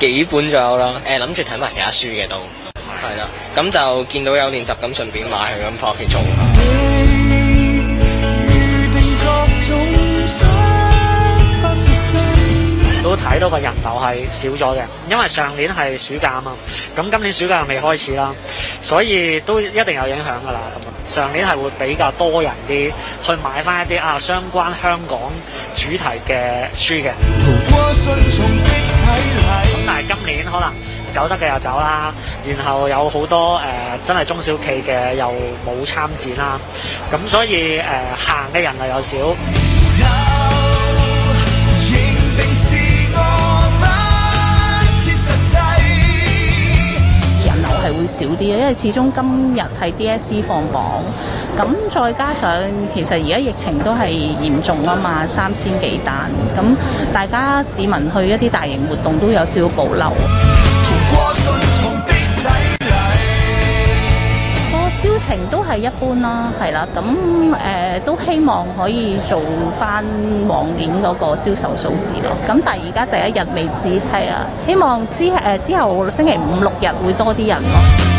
幾本左右啦，誒諗住睇埋其他書嘅都，係啦，咁就見到有練習咁，順便買佢咁返屋企做。都睇到個人流係少咗嘅，因為上年係暑假啊嘛，咁今年暑假又未開始啦，所以都一定有影響噶啦。咁上年係會比較多人啲去買返一啲啊相關香港主題嘅書嘅。咁 但係今年可能走得嘅又走啦，然後有好多、呃、真係中小企嘅又冇參展啦，咁所以行嘅、呃、人流又少。因為始終今日係 D S C 放榜，咁再加上其實而家疫情都係嚴重啊嘛，三千幾單咁，大家市民去一啲大型活動都有少少保留。個銷情都係一般啦，係啦，咁誒都希望可以做翻往年嗰個銷售數字咯。咁但係而家第一日未知，係啊，希望之誒之後星期五六日會多啲人咯。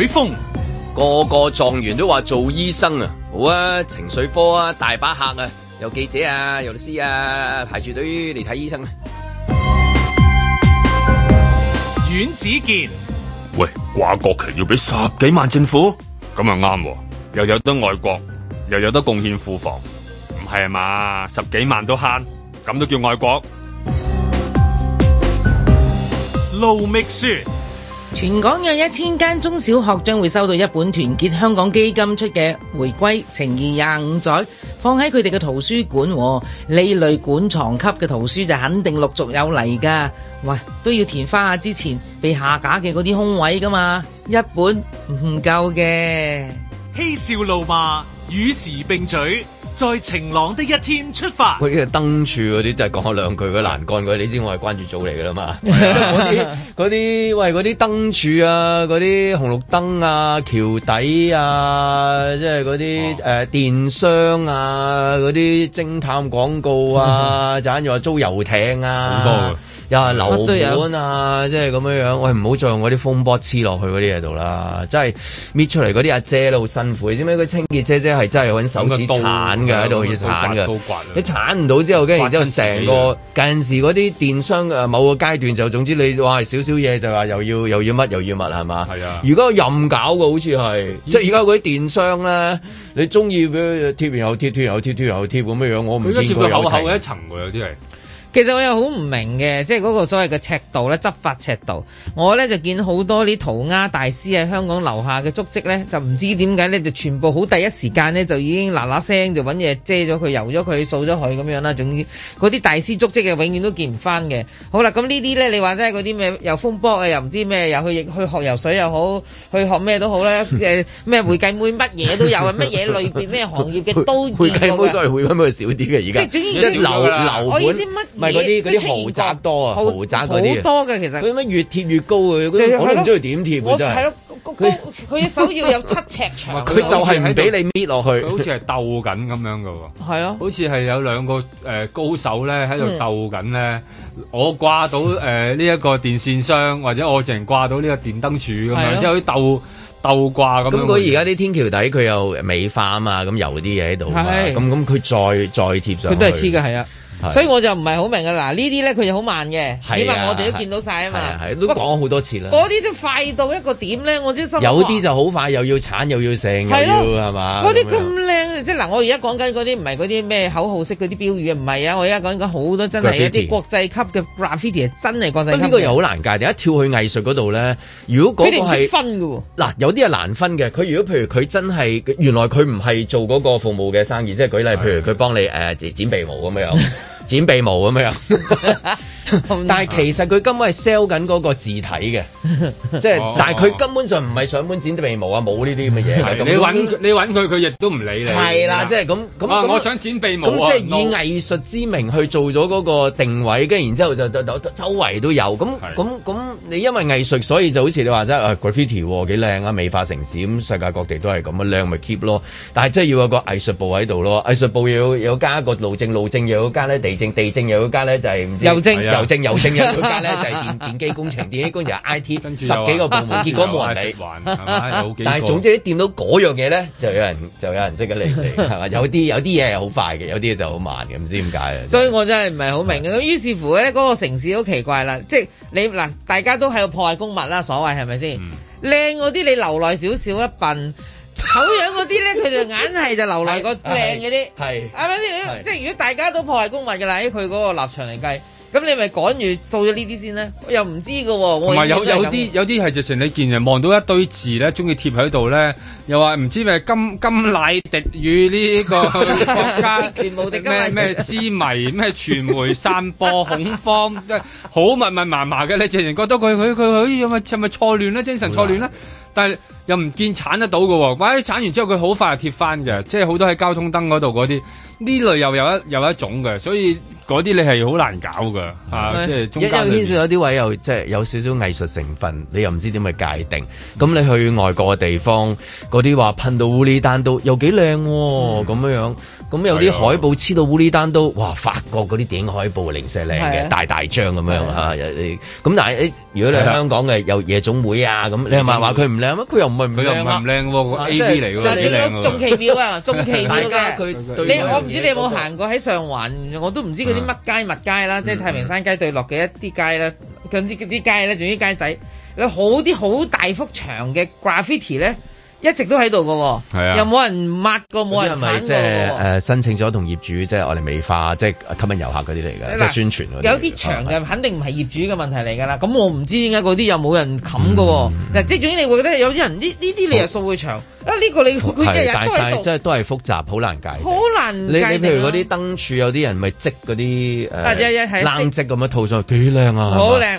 海風，個個狀元都話做醫生啊。好啊，情緒科啊，大把客啊，有記者啊，有律師啊，排住隊嚟睇醫生啊。阮子健，喂，掛國旗要俾十幾萬政府，咁啊啱，又有得外國，又有得貢獻庫房，唔係啊嘛，十幾萬都慳，咁都叫外國。盧覓雪。全港約一千間中小學將會收到一本團結香港基金出嘅《回歸情義廿五載》，放喺佢哋嘅圖書館喎，呢類館藏級嘅圖書就肯定陸續有嚟噶。喂，都要填翻下之前被下架嘅嗰啲空位噶嘛？一本唔夠嘅，嬉笑怒罵與時並舉。在晴朗的一天出發，嗰啲燈柱嗰啲就係、是、講咗兩句嗰欄杆嗰啲，你知我係關注組嚟噶喇嘛？ 即係嗰啲喂嗰啲燈柱啊，嗰啲紅綠燈啊，橋底啊，即係嗰啲誒電商啊，嗰啲偵探廣告啊，就硬要話租遊艇啊，又係樓盤啊，即係咁樣樣，我哋唔好再用嗰啲風波黐落去嗰啲嘢度啦。即係搣出嚟嗰啲阿姐都好辛苦，你知唔知佢清潔姐姐係真係揾手指鏟嘅喺度，要鏟嘅。你鏟唔到之後，跟住然之後成個近時嗰啲電商嘅某個階段就總之你話少少嘢就話又要又要乜又要乜係嘛？係啊！如果任搞嘅好似係，些即係而家嗰啲電商咧，你中意貼完又貼,貼,貼,貼,貼,貼,貼,貼,貼，貼完又貼，貼完又貼咁樣樣，我唔見佢有停。佢都貼個厚厚一層喎，有啲係。其實我又好唔明嘅，即係嗰個所謂嘅尺度咧，執法尺度。我咧就見好多啲塗鴉大師喺香港留下嘅足跡咧，就唔知點解咧，就全部好第一時間咧，就已經嗱嗱聲就搵嘢遮咗佢、油咗佢、掃咗佢咁樣啦。總之嗰啲大師足跡永遠都見唔翻嘅。好啦，咁呢啲咧，你話真係嗰啲咩又風波啊，又唔知咩，又去去學游水又好，去學咩都好啦。咩會 計妹乜嘢都有，乜嘢類別，咩行業嘅都。會計妹所以少啲嘅而家。即係總之我意思乜？唔係嗰啲嗰啲豪宅多啊，豪宅嗰啲啊，佢點解越貼越高啊？佢可能唔知佢點貼嘅真係。我係咯，高佢嘅手要有七尺長。佢就係唔俾你搣落去，佢好似係鬥緊咁樣嘅喎。係啊，好似係有兩個誒高手咧喺度鬥緊咧。我掛到誒呢一個電線箱，或者我淨掛到呢個電燈柱咁樣，即係好似鬥鬥掛咁。咁佢而家啲天橋底佢又美化啊嘛，咁油啲嘢喺度，咁咁佢再再貼上，佢都係黐嘅係啊。所以我就唔係好明㗎喇！嗱呢啲咧佢就好慢嘅，起碼我哋都見到晒啊嘛，都講好多次啦。嗰啲都快到一個點咧，我先心諗有啲就好快，又要鏟又要成，係係嘛？嗰啲咁靚，即嗱我而家講緊嗰啲唔係嗰啲咩口號式嗰啲標語啊，唔係啊！我而家講緊好多真係一啲國際級嘅 graffiti 真係國際級，呢個又好難界定，一跳去藝術嗰度咧，如果嗰個係分嘅喎，嗱有啲係難分嘅。佢如果譬如佢真係原來佢唔係做嗰個服務嘅生意，即係舉例，譬如佢幫你誒剪鼻毛咁樣又。剪鼻毛咁樣，但係其實佢根本係 sell 緊嗰個字體嘅，即係、就是，但係佢根本就唔係上門剪啲鼻毛沒這些東西啊，冇呢啲咁嘅嘢。你搵佢，你搵佢，佢亦都唔理你。係啦，即係咁咁。啊，我想剪鼻毛啊！咁即係以藝術之名去做咗嗰個定位，跟住然之後就就，就，就，就周圍都有。咁咁咁。你因為藝術，所以就好似你話齋，啊 graffiti 幾靚啊，美化城市，咁世界各地都係咁啊，靚咪 keep 咯。但係真係要有一個藝術部喺度咯，藝術部要有加一個路政，路政又要加咧地政，地政又要加咧就係郵政，郵政郵政又要加咧就係電電機工程，電機工程 IT 十幾個部門，結果冇人理。但係總之掂到嗰樣嘢咧，就有人就有人即刻嚟。係嘛？有啲有啲嘢係好快嘅，有啲嘢就好慢嘅，唔知點解啊。所以我真係唔係好明嘅。咁於是乎咧，嗰個城市好奇怪啦，即係。你嗱，大家都系度破壞公物啦，所謂係咪先？靚嗰啲你留耐少少一笨，醜 樣嗰啲咧佢就硬係就留耐個靚嗰啲，係係咪？即係如果大家都破壞公物㗎啦，喺佢嗰個立場嚟計。咁你咪趕住掃咗呢啲先咧？我又唔知嘅喎、哦，唔係有有啲有啲係直情你見人望到一堆字咧，鍾意貼喺度咧，又話唔知咩金金乃迪與呢個國家咩咩之謎咩傳媒 散播恐慌，即係好密密麻麻嘅，你直情覺得佢佢佢佢咪係咪錯亂咧，精神錯亂咧？啊、但係又唔見鏟得到嘅喎、哦，喂，鏟完之後佢好快就貼翻嘅，即係好多喺交通燈嗰度嗰啲。呢類又有一有一種嘅，所以嗰啲你係好難搞嘅，吓，即係中間。因為牽涉到啲位又即係有少少藝術成分，你又唔知點去界定。咁、嗯、你去外國嘅地方，嗰啲話噴到烏哩丹都又幾靚喎，咁、嗯、樣。咁有啲海報黐到烏利丹都，哇！法國嗰啲電影海報零舍靚嘅，大大張咁樣嚇。咁但係如果你香港嘅有夜總會啊咁，你係咪話佢唔靚？咁佢又唔係唔靚。佢又唔係唔靚喎，A B 嚟喎。仲奇妙啊！仲奇妙嘅。你我唔知你有冇行過喺上環，我都唔知嗰啲乜街乜街啦，即係太平山街對落嘅一啲街啦，咁啲啲街咧，仲啲街仔，有好啲好大幅長嘅 graffiti 咧。一直都喺度㗎，又冇人抹過，冇人鏟過。係咪即係誒申請咗同業主，即係我哋美化，即係吸引遊客嗰啲嚟嘅，即係宣傳嗰啲。有啲長嘅肯定唔係業主嘅問題嚟㗎啦。咁我唔知點解嗰啲又冇人冚㗎喎。即係總之你會覺得有啲人呢呢啲你又掃佢長。啊，呢個你佢即係日日都係即係都係複雜，好難解。好難。你你譬如嗰啲燈柱有啲人咪積嗰啲誒冷積咁樣套上去，幾靚啊！好靚。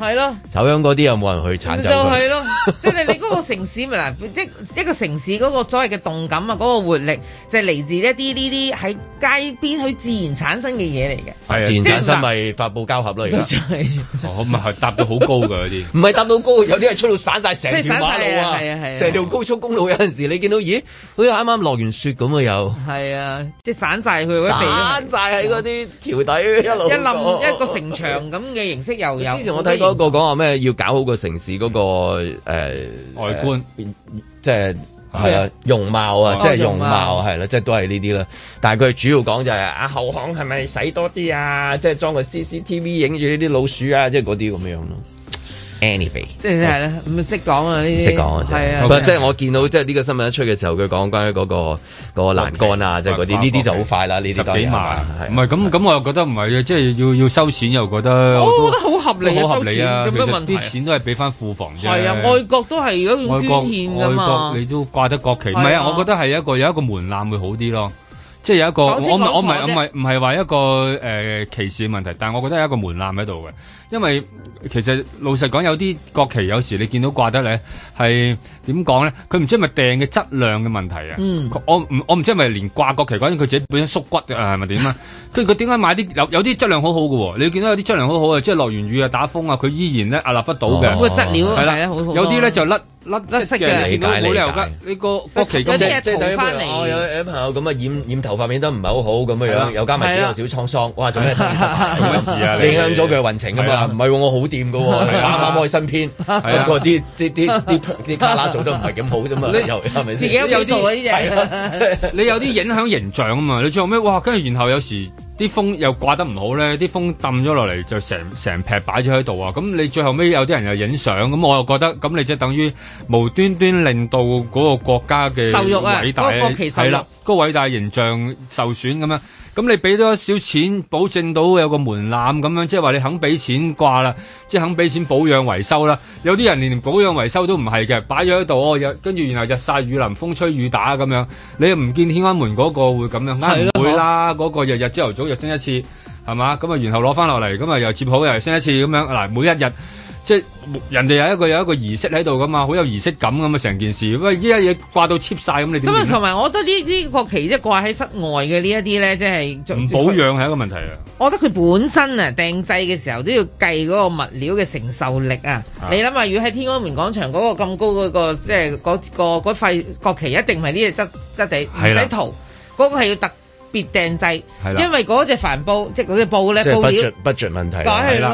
係咯，走樣嗰啲又冇人去鏟就係咯，即、就、係、是、你嗰個城市咪嗱，即係 一個城市嗰個所謂嘅動感啊，嗰、那個活力就係、是、嚟自一啲呢啲喺街邊去自然產生嘅嘢嚟嘅。的自然產生咪發泡膠盒咯而家。就是、哦，搭到好高嘅嗰啲，唔係搭到高，有啲係出到散晒成條、啊、條高速公路有陣時你見到咦，好似啱啱落完雪咁啊又。係啊，即、就、係、是、散晒佢，散曬喺嗰啲橋底一路， 一冧一個城牆咁嘅形式又有。不過講話咩？要搞好個城市嗰、嗯那個誒、呃、外觀，即係係啦，容貌，就是、容貌啊，即係容貌係啦，即、就、係、是、都係呢啲啦。但係佢主要講就係、是、啊，後巷係咪使多啲啊？即係裝個 CCTV 影住呢啲老鼠啊，即係嗰啲咁樣咯。anyway，即係咧，唔識講啊！呢啲識講啫，唔係即係我見到即係呢個新聞一出嘅時候，佢講關於嗰個嗰個欄杆啊，即係嗰啲呢啲就好快啦，呢啲都幾唔係咁咁，我又覺得唔係即係要要收錢又覺得，我覺得好合理，好合理啊！咁咩問題？啲錢都係俾翻庫房啫。係啊，外國都係如果種捐獻外國你都掛得國旗。唔係啊，我覺得係一個有一個門檻會好啲咯。即係有一個，我唔係唔係唔係話一個誒歧視問題，但係我覺得有一個門檻喺度嘅。因為其實老實講，有啲國旗有時你見到掛得咧，係點講咧？佢唔知係咪訂嘅質量嘅問題啊、嗯！我唔我唔知係咪連掛國旗，關鍵佢自己本身縮骨啊，係咪點啊？跟住佢點解買啲有有啲質量好好嘅？你見到有啲質量好好啊，即係落完雨啊、打風啊，佢依然咧屹立不倒嘅。質料係啦，的有啲咧就甩。甩甩色嘅理解理解，你個骨奇，即係即係，即係等於翻嚟。有有朋友咁啊，染染頭髮面都唔係好好咁樣樣，又加埋之後少滄桑。哇，做咩生事啊？影響咗佢嘅運程啊嘛？唔係，我好掂噶，啱啱開新片，不過啲啲啲啲啲卡拉做得唔係咁好啫嘛，又係咪先？自己有做啊，呢隻。你有啲影響形象啊嘛？你最後尾哇，跟住然後有時。啲風又掛得唔好咧，啲風掟咗落嚟就成成片擺咗喺度啊！咁你最後尾有啲人又影相，咁我又覺得咁你即係等於無端端令到嗰個國家嘅受辱啊！個國旗受辱係啦，個偉大形象受損咁樣。咁你俾多少錢保證到有個門檻咁樣，即係話你肯俾錢掛啦，即係肯俾錢保養維修啦。有啲人連保養維修都唔係嘅，擺咗喺度哦，跟住然後日曬雨淋風吹雨打咁樣，你又唔見天安門嗰個會咁樣？梗係唔會啦，嗰個日日朝頭早就升一次，係嘛？咁啊，然後攞翻落嚟，咁啊又接好，又升一次咁樣。嗱，每一日。即人哋有一個有一個儀式喺度噶嘛，好有儀式感噶嘛，成件事咁啊！依家嘢掛到 cheap 晒咁，你點咁啊，同埋我覺得呢啲國旗即係掛喺室外嘅呢一啲咧，即係唔保養係一個問題啊。我覺得佢本身啊訂製嘅時候都要計嗰個物料嘅承受力啊。的你諗下，如果喺天安門廣場嗰個咁高嗰，嗰個即係嗰個嗰塊國旗，一定唔係呢啲質質地，唔使塗嗰個係要特別訂製，因為嗰隻帆布，即係嗰隻布咧，是 get, 布料，不絕不絕問題，係啦。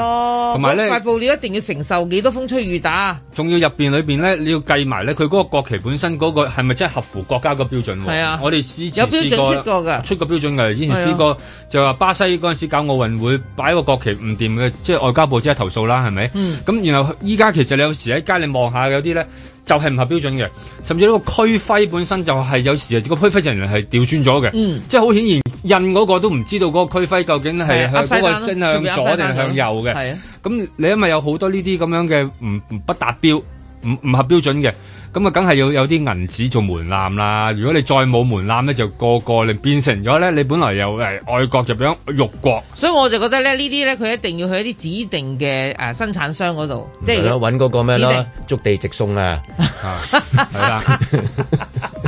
同埋咧，塊布料一定要承受幾多風吹雨打仲要入邊裏邊咧，你要計埋咧，佢嗰個國旗本身嗰、嗰個係咪真係合乎國家個標準？係啊，我哋之前有標準過出過噶，出過標準噶，以前試、啊、過就話巴西嗰陣時搞奧運會擺個國旗唔掂嘅，即係外交部即係投訴啦，係咪？咁、嗯、然後依家其實你有時喺街你望下有啲咧。就係唔合標準嘅，甚至呢個區徽本身就係有時啊個區徽就係係調轉咗嘅，嗯，即係好顯然印嗰個都唔知道嗰個區徽究竟係向嗰個星向左定向右嘅，啊，咁你因為有好多呢啲咁樣嘅唔唔不達標，唔唔合標準嘅。咁啊，梗係要有啲銀紙做門檻啦。如果你再冇門檻咧，就個個你變成咗咧，你本來又係愛國就變咗辱國。所以我就覺得咧，呢啲咧佢一定要去一啲指定嘅誒、啊、生產商嗰度，即係揾嗰個咩囉，逐定地直送啦 啊。係啦。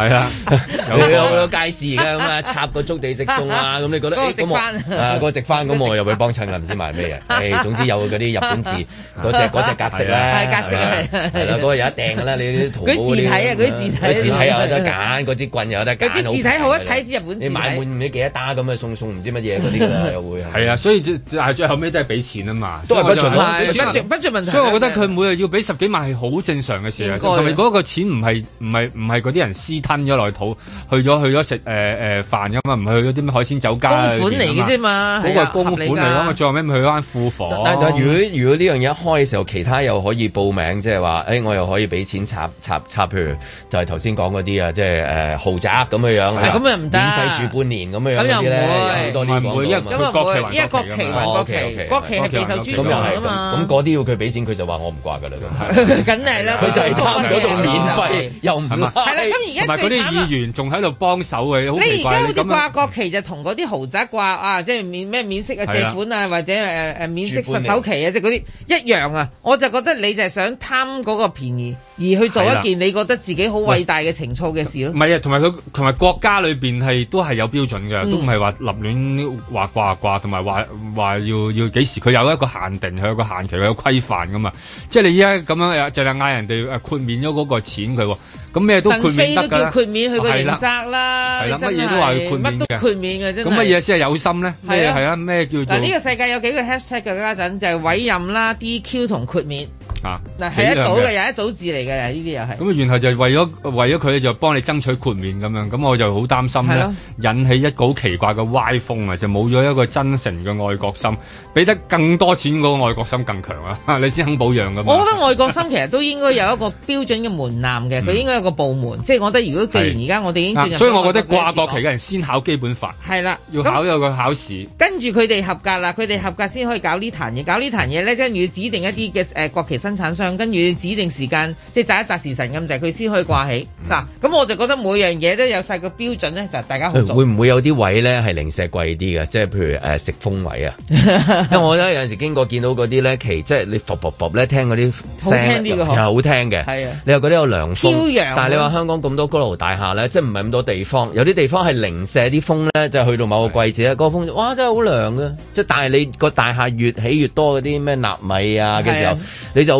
係啊，有有有街市而家咁啊，插個足地直送啊，咁你覺得誒？嗰個直翻，嗰個直咁，我又會幫襯嘅，唔知買咩嘢？誒，總之有嗰啲日本字，嗰隻嗰隻格式咧，格式係嗰個有得訂啦，你啲圖。佢字體啊，佢字體。佢字體又有得揀，嗰支棍有得揀。啲字體好一睇，啲日本字。你買滿唔知幾多打咁啊？送送唔知乜嘢嗰啲啦，又會係啊！所以最但後尾都係俾錢啊嘛，都係不最問，所以我覺得佢每日要俾十幾萬係好正常嘅事嚟，同埋嗰個錢唔係唔係唔係啲人吞咗落肚，去咗去咗食飯咁啊，唔係去咗啲咩海鮮酒家。款嚟嘅啫嘛，嗰個公款嚟嘅嘛，最後屘去一間庫房。如果如果呢樣嘢一開嘅時候，其他又可以報名，即係話，我又可以俾錢插插插，譬如就係頭先講嗰啲啊，即係豪宅咁樣。係咁又唔得免費住半年咁樣，咁又唔會，因為國旗還國旗，國旗備受尊崇啊嘛。咁嗰啲要佢俾錢，佢就話我唔掛㗎啦。咁梗係啦，佢就係度免費又唔係啦，咁而家。嗰啲議員仲喺度幫手嘅，好奇怪。你而家啲掛國旗，就同嗰啲豪宅掛啊，即係免咩免息嘅借款啊，或者誒誒免息實首期啊，即係嗰啲一樣啊，我就覺得你就係想貪嗰個便宜。而去做一件你覺得自己好偉大嘅情操嘅事咯。唔係啊，同埋佢同埋國家裏邊係都係有標準嘅，嗯、都唔係話立亂話掛掛，同埋話話要要幾時佢有一個限定，佢有一個限期，佢有規範噶嘛。即係你依、就是、家咁樣就係嗌人哋豁免咗嗰個錢佢喎，咁咩都豁免得非都叫豁免，佢嗰原則啦，乜嘢都話豁免嘅，咁乜嘢先係有心咧？咩係啊？咩叫做呢個世界有幾個 hashtag 嘅家陣，就係、是、委任啦、DQ 同豁免。啊！嗱，係一組嘅，的又一組字嚟嘅，呢啲又係咁啊。然後就為咗為咗佢就幫你爭取豁免咁樣，咁我就好擔心的引起一股好奇怪嘅歪風啊！就冇咗一個真誠嘅愛國心，俾得更多錢嗰個愛國心更強啊，你先肯保養㗎嘛？我覺得愛國心其實都應該有一個標準嘅門檻嘅，佢 應該有一個部門。嗯、即係我覺得，如果既然而家我哋已經入的，所以，我覺得掛國旗嘅人先考基本法，係啦的，要考有個考試，那跟住佢哋合格啦，佢哋合格先可以搞呢壇嘢，搞呢壇嘢咧，跟住指定一啲嘅誒國旗身生產商跟住指定時間，即係擇一擇時辰咁就佢先可以掛起嗱。咁、嗯、我就覺得每樣嘢都有曬個標準咧，就大家好做。會唔會有啲位咧係零舍貴啲嘅？即係譬如誒、呃、食風位啊， 因為我有陣時經過見到嗰啲咧，其即係你伏伏伏咧，聽嗰啲聲音好聽又，又好聽嘅，的你又覺得有涼風，風但係你話香港咁多高樓大廈咧，即係唔係咁多地方？有啲地方係零舍啲風咧，就是、去到某個季節咧，嗰的個風哇真係好涼啊。即係但係你個大廈越起越多嗰啲咩納米啊嘅時候，的你就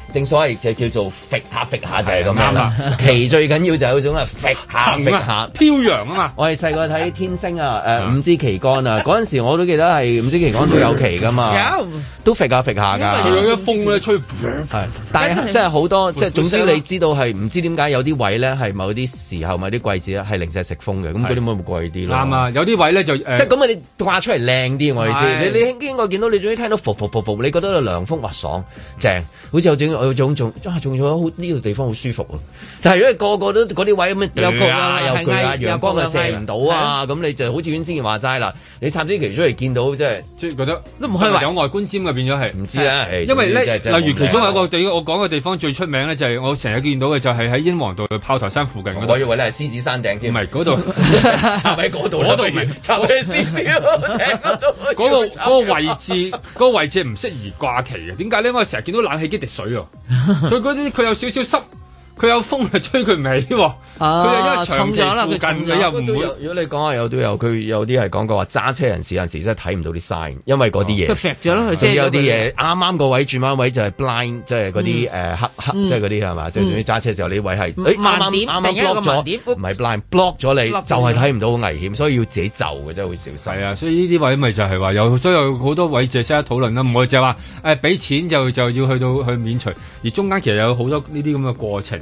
正所謂就叫做揈下揈下就係咁樣啦。旗最緊要就係嗰種啊揈下揈下，飄揚啊嘛。我哋細個睇天星啊，誒五支旗杆啊，嗰陣時我都記得係五支旗杆都有旗噶嘛，都揈下揈下㗎。因為佢有啲風咧吹。係，但係即係好多即係總之你知道係唔知點解有啲位咧係某啲時候、某啲季節咧係零舍食風嘅，咁嗰啲咪會貴啲咯。啱啊，有啲位咧就誒即係咁你掛出嚟靚啲，我意思。你你經過見到你總之聽到「服服服服」，你覺得涼風哇爽正，好似好正。我仲仲啊，仲咗呢個地方好舒服，但係如果個個都嗰啲位咁樣，有高啊，有高啊，陽光又射唔到啊，咁你就好似袁先生話齋啦。你插啲旗出嚟見到即係，即係覺得都唔可以話有外觀尖嘅變咗係唔知啦，因為咧，例如其中有一個地，我講嘅地方最出名咧，就係我成日見到嘅就係喺英皇道嘅炮台山附近嗰度。我以為咧係獅子山頂添，唔係嗰度插喺嗰度，嗰度插喺獅子山頂嗰個嗰個位置，嗰位置唔適宜掛旗嘅。點解咧？我成日見到冷氣機滴水喎。佢嗰啲，佢 有少少濕。佢有風係吹佢尾喎，佢又因為場地附近佢又唔會。如果你講下有都有，佢有啲係講過話，揸車人士有時真係睇唔到啲 sign，因為嗰啲嘢。佢闢咗即係有啲嘢啱啱嗰位轉彎位就係 blind，即係嗰啲誒黑黑，即係嗰啲係嘛？即係仲要揸車時候呢位係慢啱啱一點唔係 blind block 咗你，就係睇唔到，好危險，所以要自己就嘅啫，係好小心。啊，所以呢啲位咪就係話有，所以有好多位就識得討論啦。唔係就係話誒俾錢就就要去到去免除，而中間其實有好多呢啲咁嘅過程。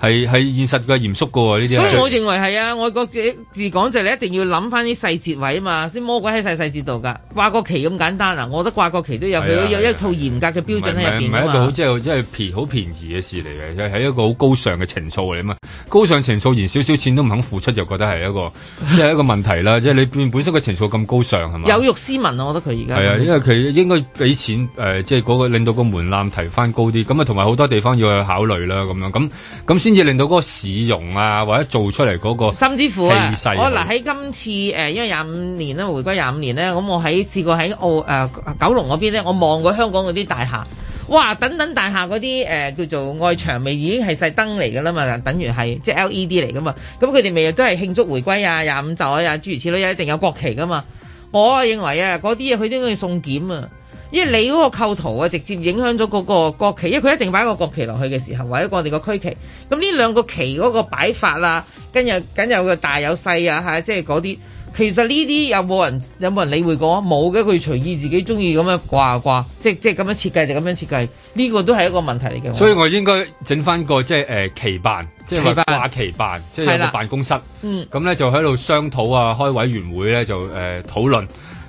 係係現實嘅嚴肅嘅呢啲，所以我認為係啊，我覺自自講就係、是、你一定要諗翻啲細節位啊嘛，先魔鬼喺細細節度噶掛個旗咁簡單啊？我覺得掛個旗都有佢的有一套嚴格嘅標準喺入邊。唔係一個即係即係好便宜嘅事嚟嘅，係係一個好高尚嘅情操嚟啊嘛。高尚情操連少少錢都唔肯付出，就覺得係一個即係 一個問題啦。即係你變本身嘅情操咁高尚係嘛？有辱斯文，我覺得佢而家係啊，因為佢應該俾錢誒，即、就、係、是嗰個令到個門檻提翻高啲。咁啊，同埋好多地方要去考慮啦，咁樣咁咁先至令到嗰個市容啊，或者做出嚟嗰個、啊、甚至乎啊，我嗱喺今次誒，因為廿五年啦，回歸廿五年咧，咁我喺試過喺澳誒九龍嗰邊咧，我望過香港嗰啲大廈，哇！等等大廈嗰啲誒叫做外牆，咪已經係細燈嚟噶啦嘛，等於係即係 LED 嚟噶嘛，咁佢哋咪都係慶祝回歸啊，廿五載啊，諸如此類，一定有國旗噶嘛，我認為啊，嗰啲嘢佢都要送檢啊。因為你嗰個構圖啊，直接影響咗嗰個國旗，因為佢一定擺一個國旗落去嘅時候，或者我哋個區旗，咁呢兩個旗嗰個擺法啦，跟住咁有個大有細啊吓，即係嗰啲，其實呢啲有冇人，有冇人理會過？冇嘅，佢隨意自己中意咁樣掛掛，即係即係咁樣設計就咁樣設計，呢個都係一個問題嚟嘅。所以我應該整翻個即係誒旗辦，即係買翻旗辦，辦即係有個辦公室，嗯，咁咧就喺度商討啊，開委員會咧就誒討論。呃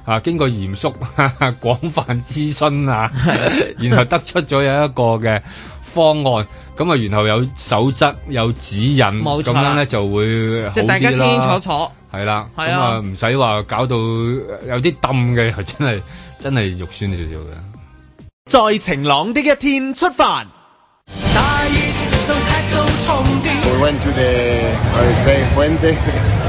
啊！經過嚴肅、廣泛諮詢啊， 然後得出咗有一個嘅方案，咁啊，然後有守則、有指引，咁錯樣咧就會即大家清清楚楚，係啦了，咁啊唔使話搞到有啲冧嘅，真係真係肉酸少少嘅。在晴朗的一天出發。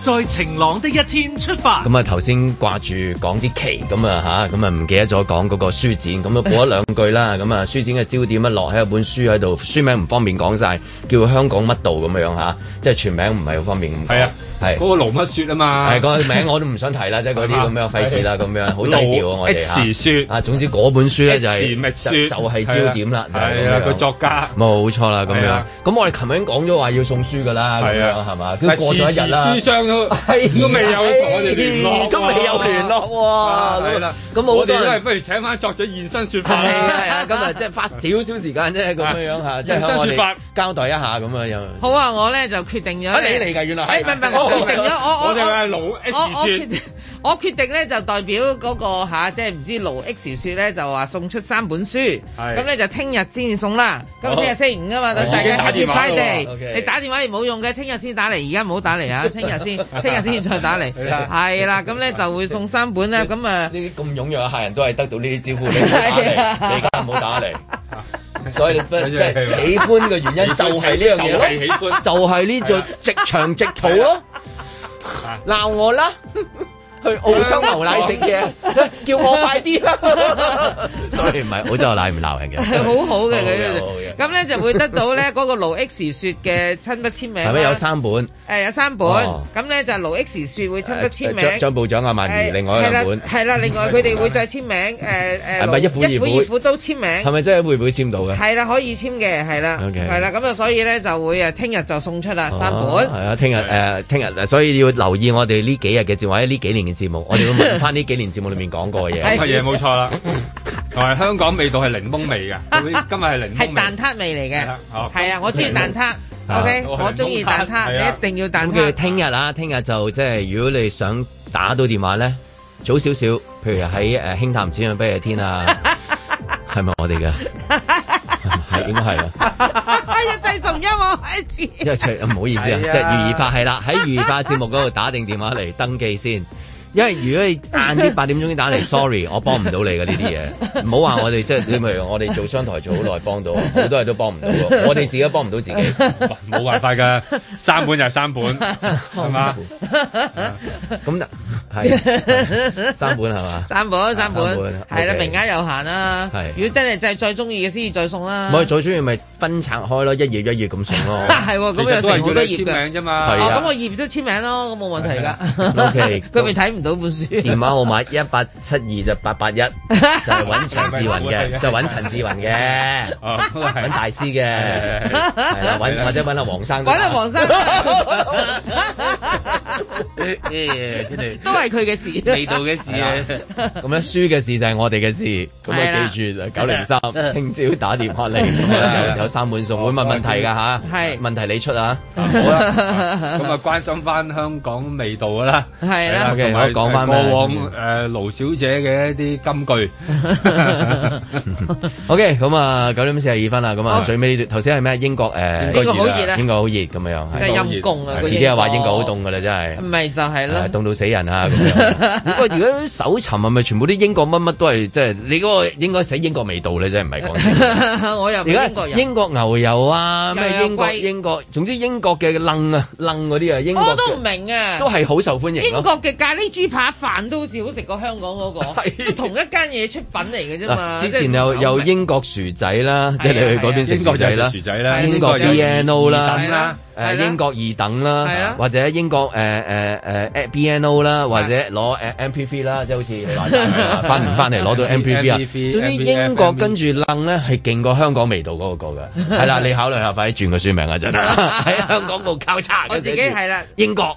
在晴朗的一天出發。咁啊，頭先掛住講啲奇咁啊吓，咁啊唔記得咗講嗰個書展，咁啊補咗兩句啦。咁啊，書展嘅焦點一落喺一本書喺度，書名唔方便講晒，叫香港乜度咁樣吓，即係全名唔係好方便。係啊，係嗰個盧乜雪啊嘛，係個名我都唔想提啦，即係嗰啲咁樣，費事啦，咁樣好低調我哋一時書啊，總之嗰本書咧就係就係焦點啦。係啦，就係個作家。冇錯啦，咁樣。咁我哋琴日講咗話要送書噶啦，係啊，係嘛。過咗一日啦。都未有，同我哋都未有聯絡喎。係啦，咁我哋都係不如請翻作者現身説法啦。係啊，咁啊，即係花少少時間啫，咁樣樣嚇，即係現身説法，交代一下咁啊又。好啊，我咧就決定咗。你嚟㗎，原來。唔係唔係，我決定咗。我我我係老 S 線。我決定咧就代表嗰個吓，即係唔知盧 X 說咧就話送出三本書，咁咧就聽日先送啦。咁聽日星期五啊嘛，大家打電話嚟，你打電話嚟冇用嘅，聽日先打嚟，而家唔好打嚟啊，聽日先，聽日先再打嚟，係啦。咁咧就會送三本啦咁啊，呢啲咁踴躍嘅客人都係得到呢啲招呼，你唔打嚟，你而家唔好打嚟。所以你即係喜歡嘅原因就係呢樣嘢咯，就係呢座直腸直肚咯，鬧我啦！去澳洲牛奶食嘢，叫我快啲啦。所以唔係澳洲牛奶唔鬧人嘅，好好嘅咁樣。咁咧就會得到咧嗰個盧 X 雪嘅親筆簽名，係咪有三本？誒有三本，咁咧就盧 X 雪會親筆簽名。張張部長阿萬兒另外一本，係啦，另外佢哋會再簽名。誒誒，係咪一父二父都簽名？係咪即係會唔會簽到嘅？係啦，可以簽嘅，係啦，係啦，咁啊，所以咧就會誒，聽日就送出啦，三本。係啊，聽日誒，聽日，所以要留意我哋呢幾日嘅節目，或者呢幾年嘅。節目，我哋會問翻呢幾年節目裏面講過嘅嘢，係嘢冇錯啦，同埋香港味道係檸檬味嘅，今日係檸檬味，係蛋撻味嚟嘅，係啊，我中意蛋撻，OK，我中意蛋撻，你一定要蛋撻。聽日啊，聽日就即係如果你想打到電話咧，早少少，譬如喺誒輕談淺唱不夜天啊，係咪我哋嘅？係應該係啦。哎今日再從音樂開始，因為唔好意思啊，即係如意發係啦，喺如意發節目嗰度打定電話嚟登記先。因為如果你晏啲八點鐘打嚟，sorry，我幫唔到你嘅呢啲嘢。唔好話我哋即係，譬如我哋做商台做好耐，幫到好多人都幫唔到。我哋自己都幫唔到自己，冇辦法㗎。三本就係三本，係嘛？咁係三本係嘛？三本三本係啦，名額有限啦。如果真係就係最中意嘅先至再送啦。唔係最中意咪分拆開咯，一頁一頁咁送咯。係喎，咁樣成好多頁嘅。簽名啫嘛。係啊。咁我頁都簽名咯，咁冇問題㗎。O K，佢咪睇唔？到本書電話號碼一八七二就八八一，就係揾陳志雲嘅，就揾陳志雲嘅，揾大師嘅，係啦，或者揾下黃生。揾下黃生，都係佢嘅事，味道嘅事啊。咁樣輸嘅事就係我哋嘅事，咁啊記住九零三聽朝打電話嚟，有三本送。會問問題㗎嚇，係問題你出啊。好啦，咁啊關心翻香港味道啦，係啦。講翻過往誒盧小姐嘅一啲金句。O K，咁啊九點四十二分啦，咁啊最尾頭先係咩？英國誒，英國好熱啦，英國好熱咁樣樣，真係陰功啊！遲啲又話英國好凍噶啦，真係。唔係就係咯，凍到死人啊！如果如果搜尋啊，係咪全部啲英國乜乜都係，即係你嗰個應該寫英國味道咧，真係唔係講笑。我又而家英國牛油啊，咩英國英國，總之英國嘅愣啊愣嗰啲啊，英國嘅都唔明啊，都係好受歡迎。英國嘅咖喱。豬扒飯都是好似好食過香港嗰、嗰個，是的 都同一間嘢出品嚟嘅啫嘛。之前有有英國薯仔啦，即係的你去嗰邊食過薯仔啦，英國 B N O 啦。誒英國二等啦，或者英國誒誒誒 at B N O 啦，或者攞誒 M P V 啦，即係好似翻唔翻嚟攞到 M P V 啊！總之英國跟住掄咧係勁過香港味道嗰個個㗎，係啦，你考慮下快啲轉個書名啊！真係喺香港度靠叉我自己係啦，英國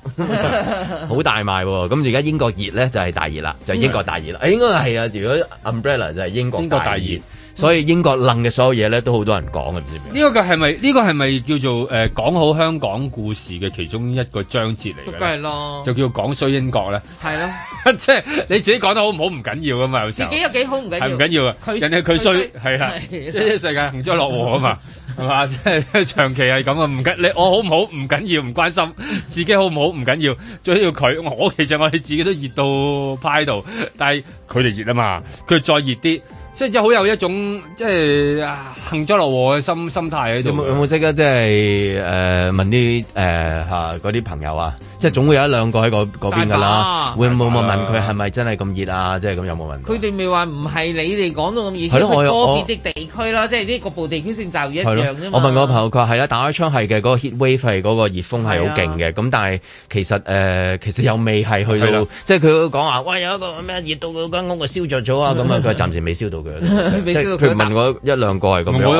好大賣喎，咁而家英國熱咧就係大熱啦，就英國大熱啦，誒應該係啊，如果 umbrella 就係英國大熱。所以英國愣嘅所有嘢咧，都好多人講嘅，唔知咩？呢個係咪呢個係咪叫做誒講好香港故事嘅其中一個章節嚟嘅？梗係咯，就叫講衰英國呢，係咯，即係你自己講得好唔好唔緊要啊嘛。有時自己有幾好唔緊要，係唔緊要啊。人哋佢衰係啦，世界幸災樂禍啊嘛，係嘛？即係長期係咁啊，唔緊你我好唔好唔緊要，唔關心自己好唔好唔緊要，最緊要佢我其實我哋自己都熱到派到，但係佢哋熱啊嘛，佢再熱啲。即係即係好有一種即係幸災樂禍嘅心心態喺度。有冇有冇識啊？即係誒、就是呃、問啲誒吓嗰啲朋友啊，即係總會有一兩個喺嗰嗰邊㗎啦。吧會唔會吧問問佢係咪真係咁熱啊？即係咁有冇問佢哋未，話唔係你哋講到咁熱，係咯？我我啲地區啦，我即係呢個部地區先就一樣啫，我問我朋友，佢話係啦，打開窗係嘅，嗰、那個、heat wave 係嗰、那個熱風係好勁嘅，咁的但係其實誒、呃、其實又未係去到，的即係佢講話喂有一個咩熱、那個那個、 到嗰間屋嘅燒著咗啊，咁啊佢暫時未燒到。佢 問我一兩個係咁樣，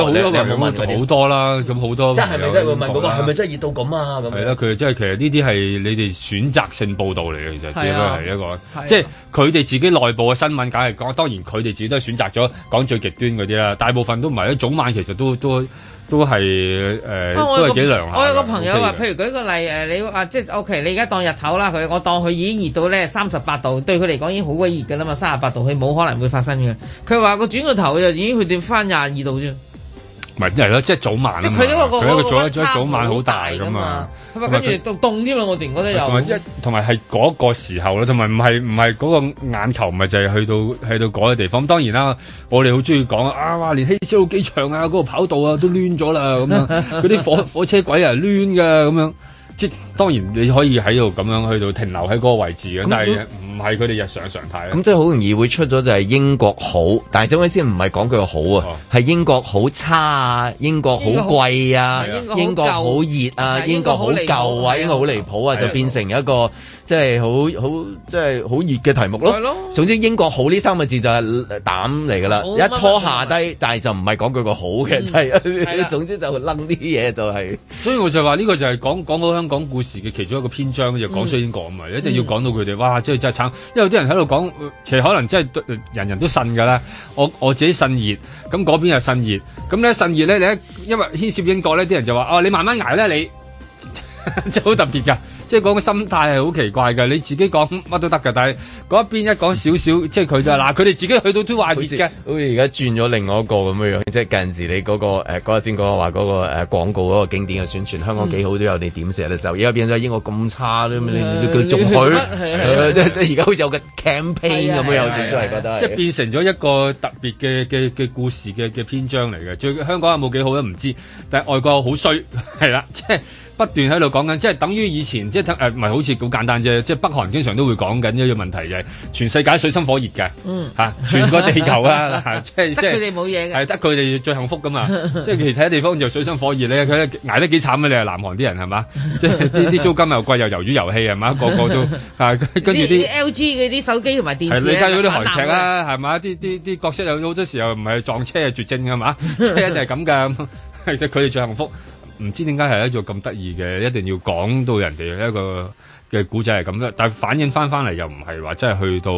好多啦，咁好多即，即係咪即係會問嗰個係咪真係熱到咁啊？咁係啦，佢即係其實呢啲係你哋選擇性報導嚟嘅，其實只不過係一個，是啊是啊、即係佢哋自己內部嘅新聞，梗係講，當然佢哋自己都選擇咗講最極端嗰啲啦，大部分都唔係，一早晚其實都都。都係誒，呃啊、都係幾涼下。我有個朋友話，譬、okay、的如舉個例誒、呃，你話、啊、即係 OK，你而家當日頭啦，佢我當佢已經熱到咧三十八度，對佢嚟講已經好鬼熱㗎啦嘛，三十八度佢冇可能會發生嘅。佢話個轉個頭就已經佢去到翻廿二度啫。咪係咯，即係、就是、早晚。佢嗰、那個、那個、個早一早一早晚好大噶啊。跟住都凍啲嘛，我哋覺得又同埋同埋係嗰個時候同埋唔係唔係嗰個眼球，唔係就係、是、去到去到嗰個地方。當當然啦，我哋好中意講啊哇，連希斯路機場啊嗰、那個跑道啊都攣咗啦咁樣嗰啲火 火車軌啊攣噶咁樣。即當當然你可以喺度咁樣去到停留喺嗰個位置嘅，那但係是。呃係佢哋日常常態啊！咁即係好容易會出咗就係英國好，但係總之先唔係講佢好啊，係英國好差啊，英國好貴啊，英國好熱啊，英國好舊啊，英國好離譜啊，就變成一個。即係好好即係好熱嘅題目咯。總之英國好呢三個字就係膽嚟㗎啦。一拖下低，但係就唔係講句個好嘅，就係總之就甩啲嘢就係。所以我就話呢個就係講講好香港故事嘅其中一個篇章，就是、講出英國啊嘛，嗯、一定要講到佢哋。嗯、哇！真真慘，因為啲人喺度講，其實可能真係人人都信㗎啦。我我自己信熱，咁嗰邊又信熱，咁咧信熱咧，你一因為牽涉英國咧，啲人就話：哦，你慢慢捱呢，你 就好特別㗎。即係講個心態係好奇怪嘅，你自己講乜都得㗎，但係嗰一邊一講少少，嗯、即係佢就嗱佢哋自己去到都話 o e 好似而家轉咗另外一個咁樣樣，即係近時你嗰、嗰個嗰日先講話嗰個誒、嗰個呃、廣告嗰個經典嘅宣傳，香港幾好都有你點寫咧，就而家變咗英國咁差、嗯、你都仲許即即係而家好似有個 campaign 咁、啊、樣有少少？係覺得，即係、啊啊啊啊啊、變成咗一個特別嘅嘅嘅故事嘅嘅篇章嚟嘅，最香港有冇幾好都唔知，但係外國好衰係啦，即不斷喺度講緊，即係等於以前，即係誒，唔、呃、係好似好簡單啫。即係北韓經常都會講緊一樣問題，就係全世界水深火熱嘅，吓、嗯啊、全個地球 啊，即係即係。佢哋冇嘢嘅。係得佢哋最幸福噶嘛？ 即係其他地方就水深火熱咧。佢挨得幾慘嘅？你係南韓啲人係嘛？ 即係啲租金又貴又魷魚遊戲係嘛？個個都、啊、跟住啲 LG 嗰啲手機同埋電視咧。你睇嗰啲韓劇啦係嘛？啲啲啲角色有好多時候唔係撞車係絕症噶嘛？真係咁噶，其實佢哋 最幸福。唔知點解係一個咁得意嘅，一定要講到人哋一個。嘅故仔係咁啦，但反映翻翻嚟又唔係話真係去到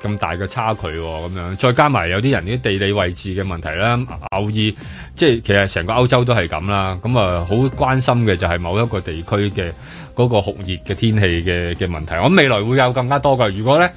咁大嘅差距咁樣，再加埋有啲人啲地理位置嘅問題啦，偶爾即係其實成個歐洲都係咁啦，咁啊好關心嘅就係某一個地區嘅嗰個酷熱嘅天氣嘅嘅問題，我諗未來會有更加多嘅，如果咧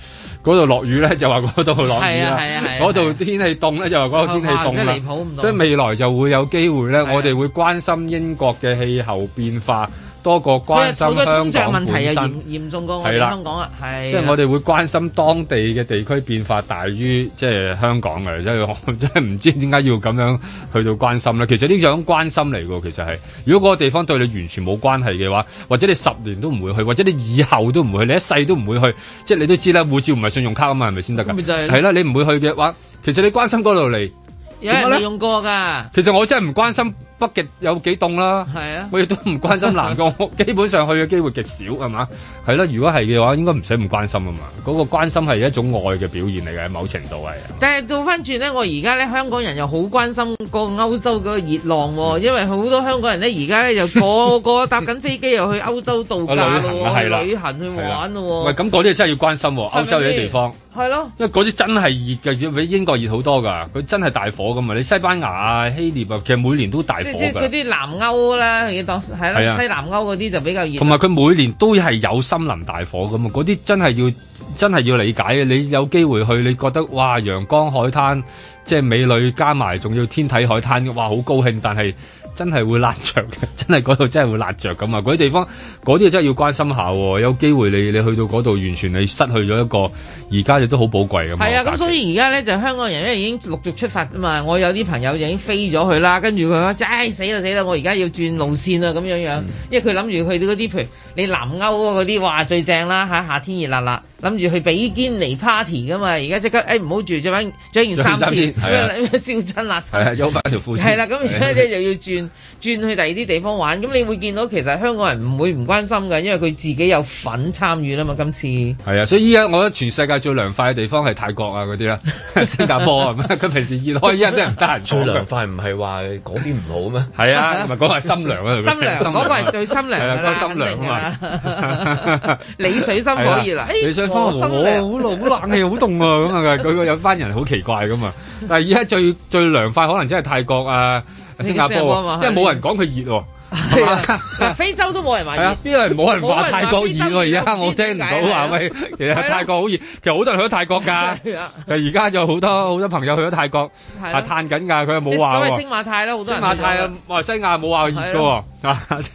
嗰度落雨咧就話嗰度落雨啦，嗰度、啊啊啊啊、天氣凍咧就話嗰度天氣凍啦，啊、所以未來就會有機會咧，啊、我哋會關心英國嘅氣候變化。多過關心香港，問題又嚴嚴重過我哋香港啊，係即係我哋會關心當地嘅地區變化大於即係香港嘅，即係我真係唔知點解要咁樣去到關心咧。其實呢種關心嚟㗎，其實係如果嗰個地方對你完全冇關係嘅話，或者你十年都唔會去，或者你以後都唔會去，你一世都唔會去，即係你都知啦，護照唔係信用卡啊嘛，係咪先得㗎？係啦，你唔會去嘅話，其實你關心嗰度嚟點咧？其實我真係唔關心。北極有幾凍啦，啊、我亦都唔關心南極， 基本上去嘅機會極少，係嘛？係咯、啊，如果係嘅話，應該唔使唔關心啊嘛。嗰、嗰個關心係一種愛嘅表現嚟嘅，喺某程度係。但係到翻轉咧，我而家咧香港人又好關心個歐洲個熱浪，嗯、因為好多香港人咧而家咧就個個搭緊飛機又去歐洲度假 旅行、啊啊、旅行去玩咯、啊。喂，咁嗰啲真係要關心歐、啊、洲呢啲地方。是係咯，因為嗰啲真係熱嘅，要比英國熱好多噶。佢真係大火噶嘛。你西班牙啊、希臘啊，其實每年都大火嘅。即係嗰啲南歐咧，當係啦，西南歐嗰啲就比較熱。同埋佢每年都係有森林大火噶嘛。嗰啲真係要真係要理解嘅。你有機會去，你覺得哇，陽光海灘，即係美女加埋，仲要天體海灘，嘩，好高興。但係。真係會辣着嘅，真係嗰度真係會辣着咁啊！嗰啲地方，嗰啲真係要關心下、啊。有機會你你去到嗰度，完全你失去咗一個而家亦都好寶貴嘅。係啊，咁所以而家咧就香港人咧已經陸續出發啊嘛！我有啲朋友已經飛咗去啦，跟住佢話，唉、哎，死啦死啦！我而家要轉路線啊，咁樣樣。嗯、因為佢諗住去到嗰啲，譬如你南歐嗰啲，話最正啦吓，夏天熱辣辣。諗住去比堅尼 party 噶嘛，而家即刻誒唔好住，著翻著件衫笑真辣。消震垃啊，揾翻條褲。係啦，咁而家咧又要轉，轉去第二啲地方玩，咁你會見到其實香港人唔會唔關心嘅，因為佢自己有份參與吖嘛。今次係啊，所以依家我覺得全世界最涼快嘅地方係泰國啊嗰啲啦，新加坡啊，佢平時熱開依家啲人得閒。最涼快唔係話嗰邊唔好咩？係啊，同埋講係心涼啊。心涼嗰個係最心涼㗎啦。你水深火熱啦，好冷，好冷氣好凍啊！咁啊，佢個有班人好奇怪咁啊。但係而家最最涼快可能真係泰國啊、新加坡。啊因為冇人講佢熱。非洲都冇人話。邊度冇人話泰國熱？而家我聽唔到話喂，其實泰國好熱。其實好多人去咗泰國噶，但係而家就好多好多朋友去咗泰國啊嘆緊噶，佢又冇話。所謂星馬泰啦，好多星馬泰、馬來西亞冇話熱噶，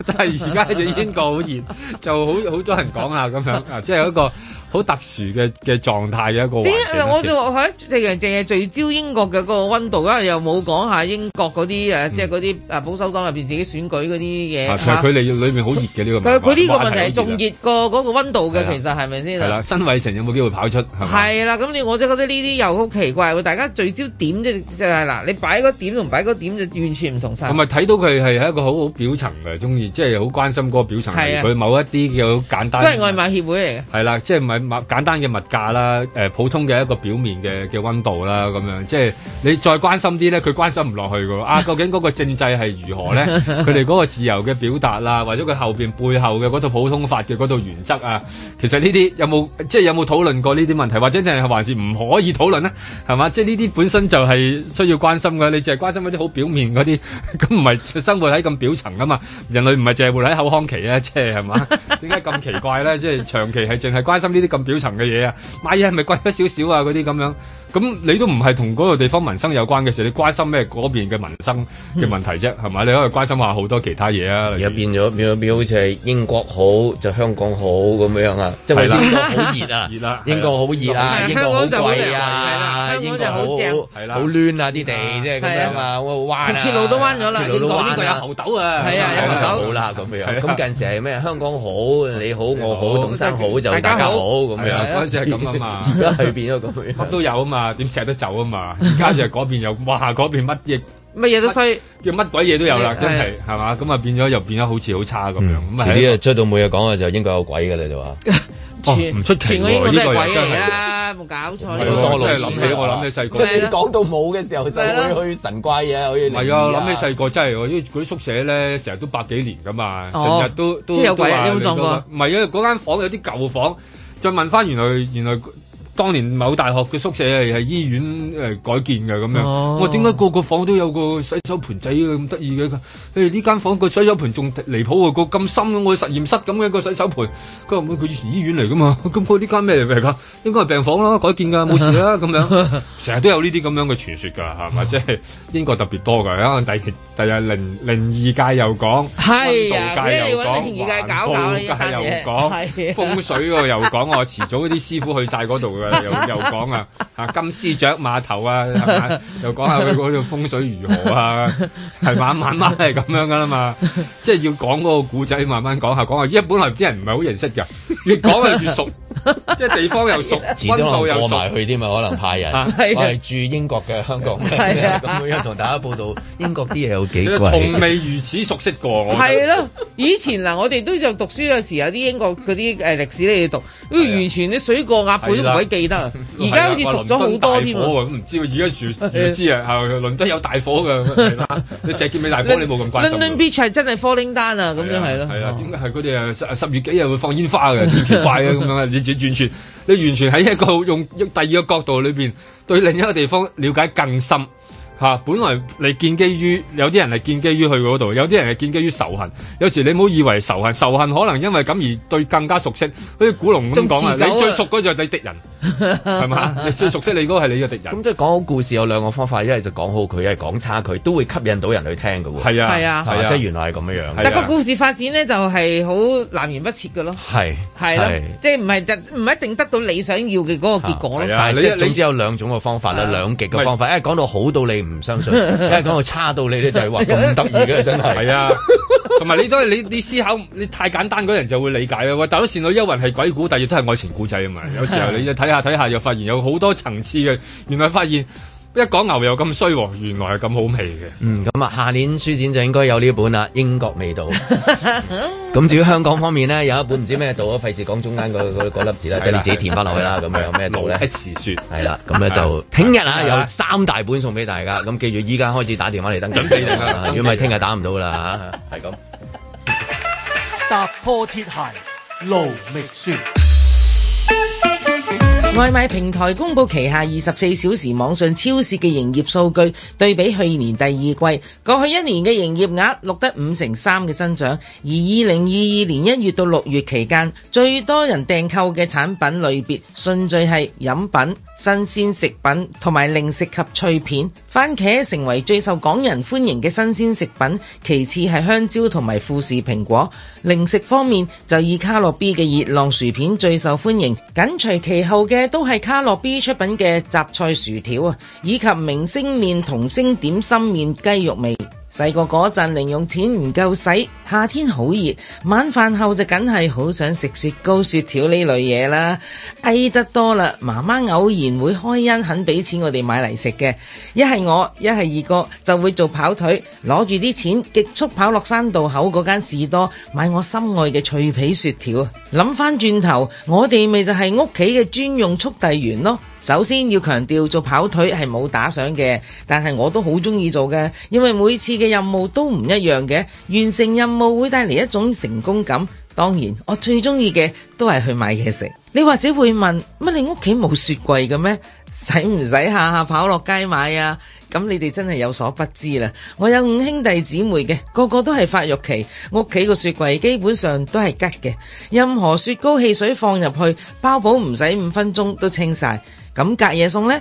但係而家就英國好熱，就好好多人講啊咁樣啊，即係一個。好特殊嘅嘅狀態一個。點？我就話淨係淨係聚焦英國嘅嗰個温度，因為又冇講下英國嗰啲即係嗰啲誒保守黨入邊自己選舉嗰啲嘢。其實佢哋裏面好熱嘅呢個。佢佢呢個問題係仲熱過嗰個温度嘅，其實係咪先？係啦，辛偉誠有冇機會跑出？係啦，咁你我就覺得呢啲又好奇怪喎！大家聚焦點即係即係嗱，你擺個點同擺個點就完全唔同晒。我咪睇到佢係一個好好表層嘅中意，即係好關心嗰個表層佢某一啲叫簡單。都係外賣協會嚟嘅。係啦，即簡單嘅物價啦，誒，普通嘅一個表面嘅嘅溫度啦，咁樣，即係你再關心啲咧，佢關心唔落去噶啊，究竟嗰個政制係如何咧？佢哋嗰個自由嘅表達啦，或者佢後邊背後嘅嗰套普通法嘅嗰套原則啊，其實呢啲有冇即係有冇討論過呢啲問題，或者定係還是唔可以討論咧？係嘛，即係呢啲本身就係需要關心嘅，你淨係關心嗰啲好表面嗰啲，咁唔係生活喺咁表層啊嘛？人類唔係淨係活喺口腔期啊， 即係係嘛？點解咁奇怪咧？即係長期係淨係關心呢啲。咁表層嘅嘢啊，買嘢係咪貴咗少少啊？嗰啲咁樣。咁你都唔係同嗰個地方民生有關嘅事，你關心咩嗰邊嘅民生嘅問題啫，係咪？你可以關心下好多其他嘢啊。而家變咗變變好似係英國好就香港好咁樣啊，即係英國好熱啊，熱啦！英國好熱啦，英國好貴啊，香港就好隻，係啦，好攣啊啲地即係咁樣啊，我彎，條鐵路都彎咗啦，鐵路都彎啦，有喉竇啊，係啊，有喉竇。好啦，咁樣，咁近時係咩？香港好，你好我好，董生好就大家好咁樣，嗰陣時係咁啊嘛，而家係變咗咁樣，乜都有啊嘛。啊！點成日都走啊嘛？而家就嗰邊又哇，嗰邊乜嘢、乜嘢都衰，叫乜鬼嘢都有啦！真係係嘛？咁啊變咗又變咗好似好差咁樣。遲啲啊，出到冇嘢講啊，就應該有鬼噶啦，就話。全全我應該都係鬼嚟啦，冇搞錯。多諗起我諗起細個，即係講到冇嘅時候就會去神怪嘢，可以嚟。係啊，諗起細個真係，因為嗰啲宿舍咧成日都百幾年噶嘛，成日都都都撞過。唔係啊，嗰間房有啲舊房，再問翻原來原來。當年某大學嘅宿舍係醫醫院、呃、改建嘅咁樣，oh. 我點解個個房都有個洗手盆仔咁得意嘅？佢呢、欸、間房間洗、啊、個,個洗手盆仲離譜喎，個咁深嘅我實驗室咁樣個洗手盆。佢話唔佢以前醫院嚟噶嘛。咁佢呢間咩嚟㗎？應該係病房咯改建㗎，冇事啦咁 樣。成日都有呢啲咁樣嘅傳說㗎，係咪？即係 英國特別多㗎。第二、第二零零二屆又講，係啊，零 二樂又講，零二風水又講， 我遲早啲師傅去晒嗰度㗎。 又又講啊，啊金絲雀碼頭啊，係咪 又講下佢嗰度風水如何啊？係慢慢慢係咁樣噶啦嘛，即係要講嗰個古仔，慢慢講下，講下。原本啲人唔係好認識噶，越講啊越熟。 即係地方又熟，溫度又熟，埋去啲嘛？可能派人，我係住英國嘅香港嘅，咁樣同大家報道英國啲嘢好幾貴，從未如此熟悉過。係咯，以前嗱我哋都就讀書嘅時候，啲英國嗰啲歷史你讀，完全啲水過鴨背，佢都唔鬼記得。而家好似熟咗好多添，唔知而家唔知啊，倫敦有大火噶你石硤尾大火你冇咁關注。London Beach 係真係 Falling Down 啊，咁樣係咯。係啊，點解係佢哋啊十月幾啊會放煙花嘅？奇怪啊，咁樣完全，你完全喺一個用第二個角度裏邊，對另一個地方了解更深。吓、啊，本來你建基於有啲人係建基於去度，有啲人係建基於仇恨。有時你唔好以為仇恨，仇恨可能因為咁而對更加熟悉，好似古龍咁講啊，你最熟嗰就係敵人。係嘛？你最熟悉你嗰個係你嘅敵人。咁即係講好故事有兩個方法，一係就講好佢，一係講差佢，都會吸引到人去聽㗎喎。係啊，係啊，即係原來係咁樣樣。但個故事發展咧，就係好南轅北轍㗎咯。係係啦，即係唔係唔一定得到你想要嘅嗰個結果咯。但係你總之有兩種嘅方法啦，兩極嘅方法。一係講到好到你唔相信，一係講到差到你咧就係話咁得意嘅，真係。係啊。同埋 你都係你你，思考你太簡單嗰人就會理解，喂，大佬，《倩女幽魂》係鬼故，但亦都係愛情故仔啊嘛，是的 有時候你就睇下睇下又發現有好多層次嘅，原來發現。一講牛油咁衰，原來係咁好味嘅。嗯，咁啊，下年書展就應該有呢本啦，《英國味道》。咁 至於香港方面呢，有一本唔知咩道、道，啊，費事講中間嗰粒字啦，即係 的你自己填翻落去啦。咁 有咩道咧？係易士說。係啦， 咁咧就聽日啊有三大本送俾大家，咁記住依家，開始打電話嚟登記準備定啦，如果唔係聽日打唔到啦吓。係咁 。踏破鐵鞋路未雪外賣平台公布旗下二十四小時網上超市嘅營業數據，對比去年第二季，過去一年嘅營業額錄得五成三嘅增長。而二零二二年一月到六月期間，最多人訂購嘅產品類別順序係飲品、新鮮食品同埋零食及脆片。番茄成為最受港人歡迎嘅新鮮食品，其次係香蕉同埋富士蘋果。零食方面就以卡樂 B 嘅熱浪薯片最受歡迎，緊隨其後嘅。都係卡樂 B 出品嘅雜菜薯條啊，以及明星麵、同星點心麵、雞肉味。細個嗰陣零用錢唔夠使，夏天好熱，晚飯後就梗係好想食雪糕、雪條呢類嘢啦。唉得多啦，媽媽偶然會開恩肯俾錢我哋買嚟食嘅，一係我，一係二哥就會做跑腿，攞住啲錢極速跑落山道口嗰間士多買我心愛嘅脆皮雪條。諗翻轉頭，我哋咪就係屋企嘅專用速遞員咯。首先要強調做跑腿係冇打賞嘅，但係我都好中意做嘅，因為每次嘅任務都唔一樣嘅，完成任務會帶嚟一種成功感。當然，我最中意嘅都係去買嘢食。你或者會問，乜你屋企冇雪櫃嘅咩？使唔使下下跑落街買啊？咁你哋真係有所不知啦！我有五兄弟姊妹嘅，個個都係發育期，屋企個雪櫃基本上都係吉嘅，任何雪糕、汽水放入去，包保唔使五分鐘都清晒。咁隔夜餸呢？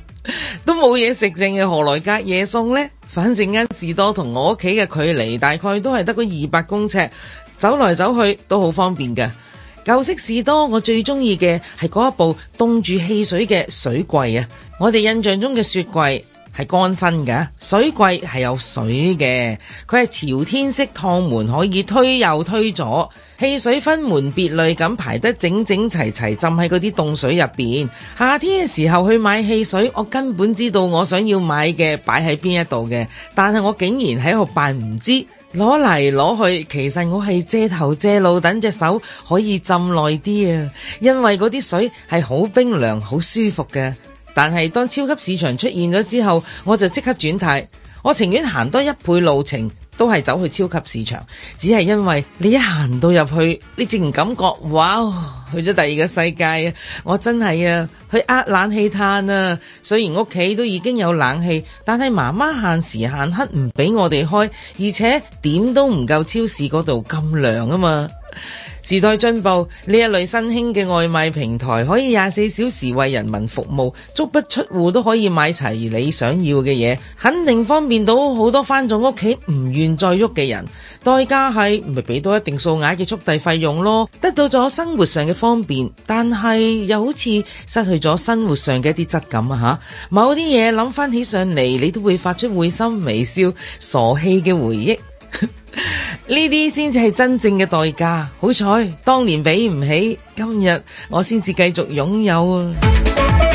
都冇嘢食淨嘅，何來隔夜餸呢？反正間士多同我屋企嘅距離大概都係得個二百公尺，走來走去都好方便嘅。舊式士多我最中意嘅係嗰一部凍住汽水嘅水櫃啊！我哋印象中嘅雪櫃，係乾身嘅，水櫃係有水嘅，佢係朝天式趟門，可以推右推左，汽水分門別類咁排得整整齊齊，浸喺嗰啲凍水入邊。夏天嘅時候去買汽水，我根本知道我想要買嘅擺喺邊一度嘅，但係我竟然喺度扮唔知道，攞嚟攞去，其實我係借頭借路，等隻手可以浸耐啲啊！因為嗰啲水係好冰涼，好舒服嘅。但係當超級市場出現咗之後，我就即刻轉態，我情願行多一倍路程，都係走去超級市場，只係因為你一行到入去，你淨感覺哇，哦，去咗第二個世界啊！我真係啊，去吸冷氣嘆啊！雖然屋企都已經有冷氣，但係媽媽限時限刻唔俾我哋開，而且點都唔夠超市嗰度咁涼啊嘛。時代進步，呢一類新興嘅外賣平台可以廿四小時為人民服務，足不出戶都可以買齊你想要嘅嘢，肯定方便到好多翻咗屋企唔願再喐嘅人。代價係唔係俾多一定數額嘅速遞費用咯？得到咗生活上嘅方便，但係又好似失去咗生活上嘅一啲質感啊！嚇，某啲嘢諗翻起上嚟，你都會發出會心微笑、傻氣嘅回憶。呢啲先至係真正嘅代價，好彩當年俾唔起，今日我先至繼續擁有。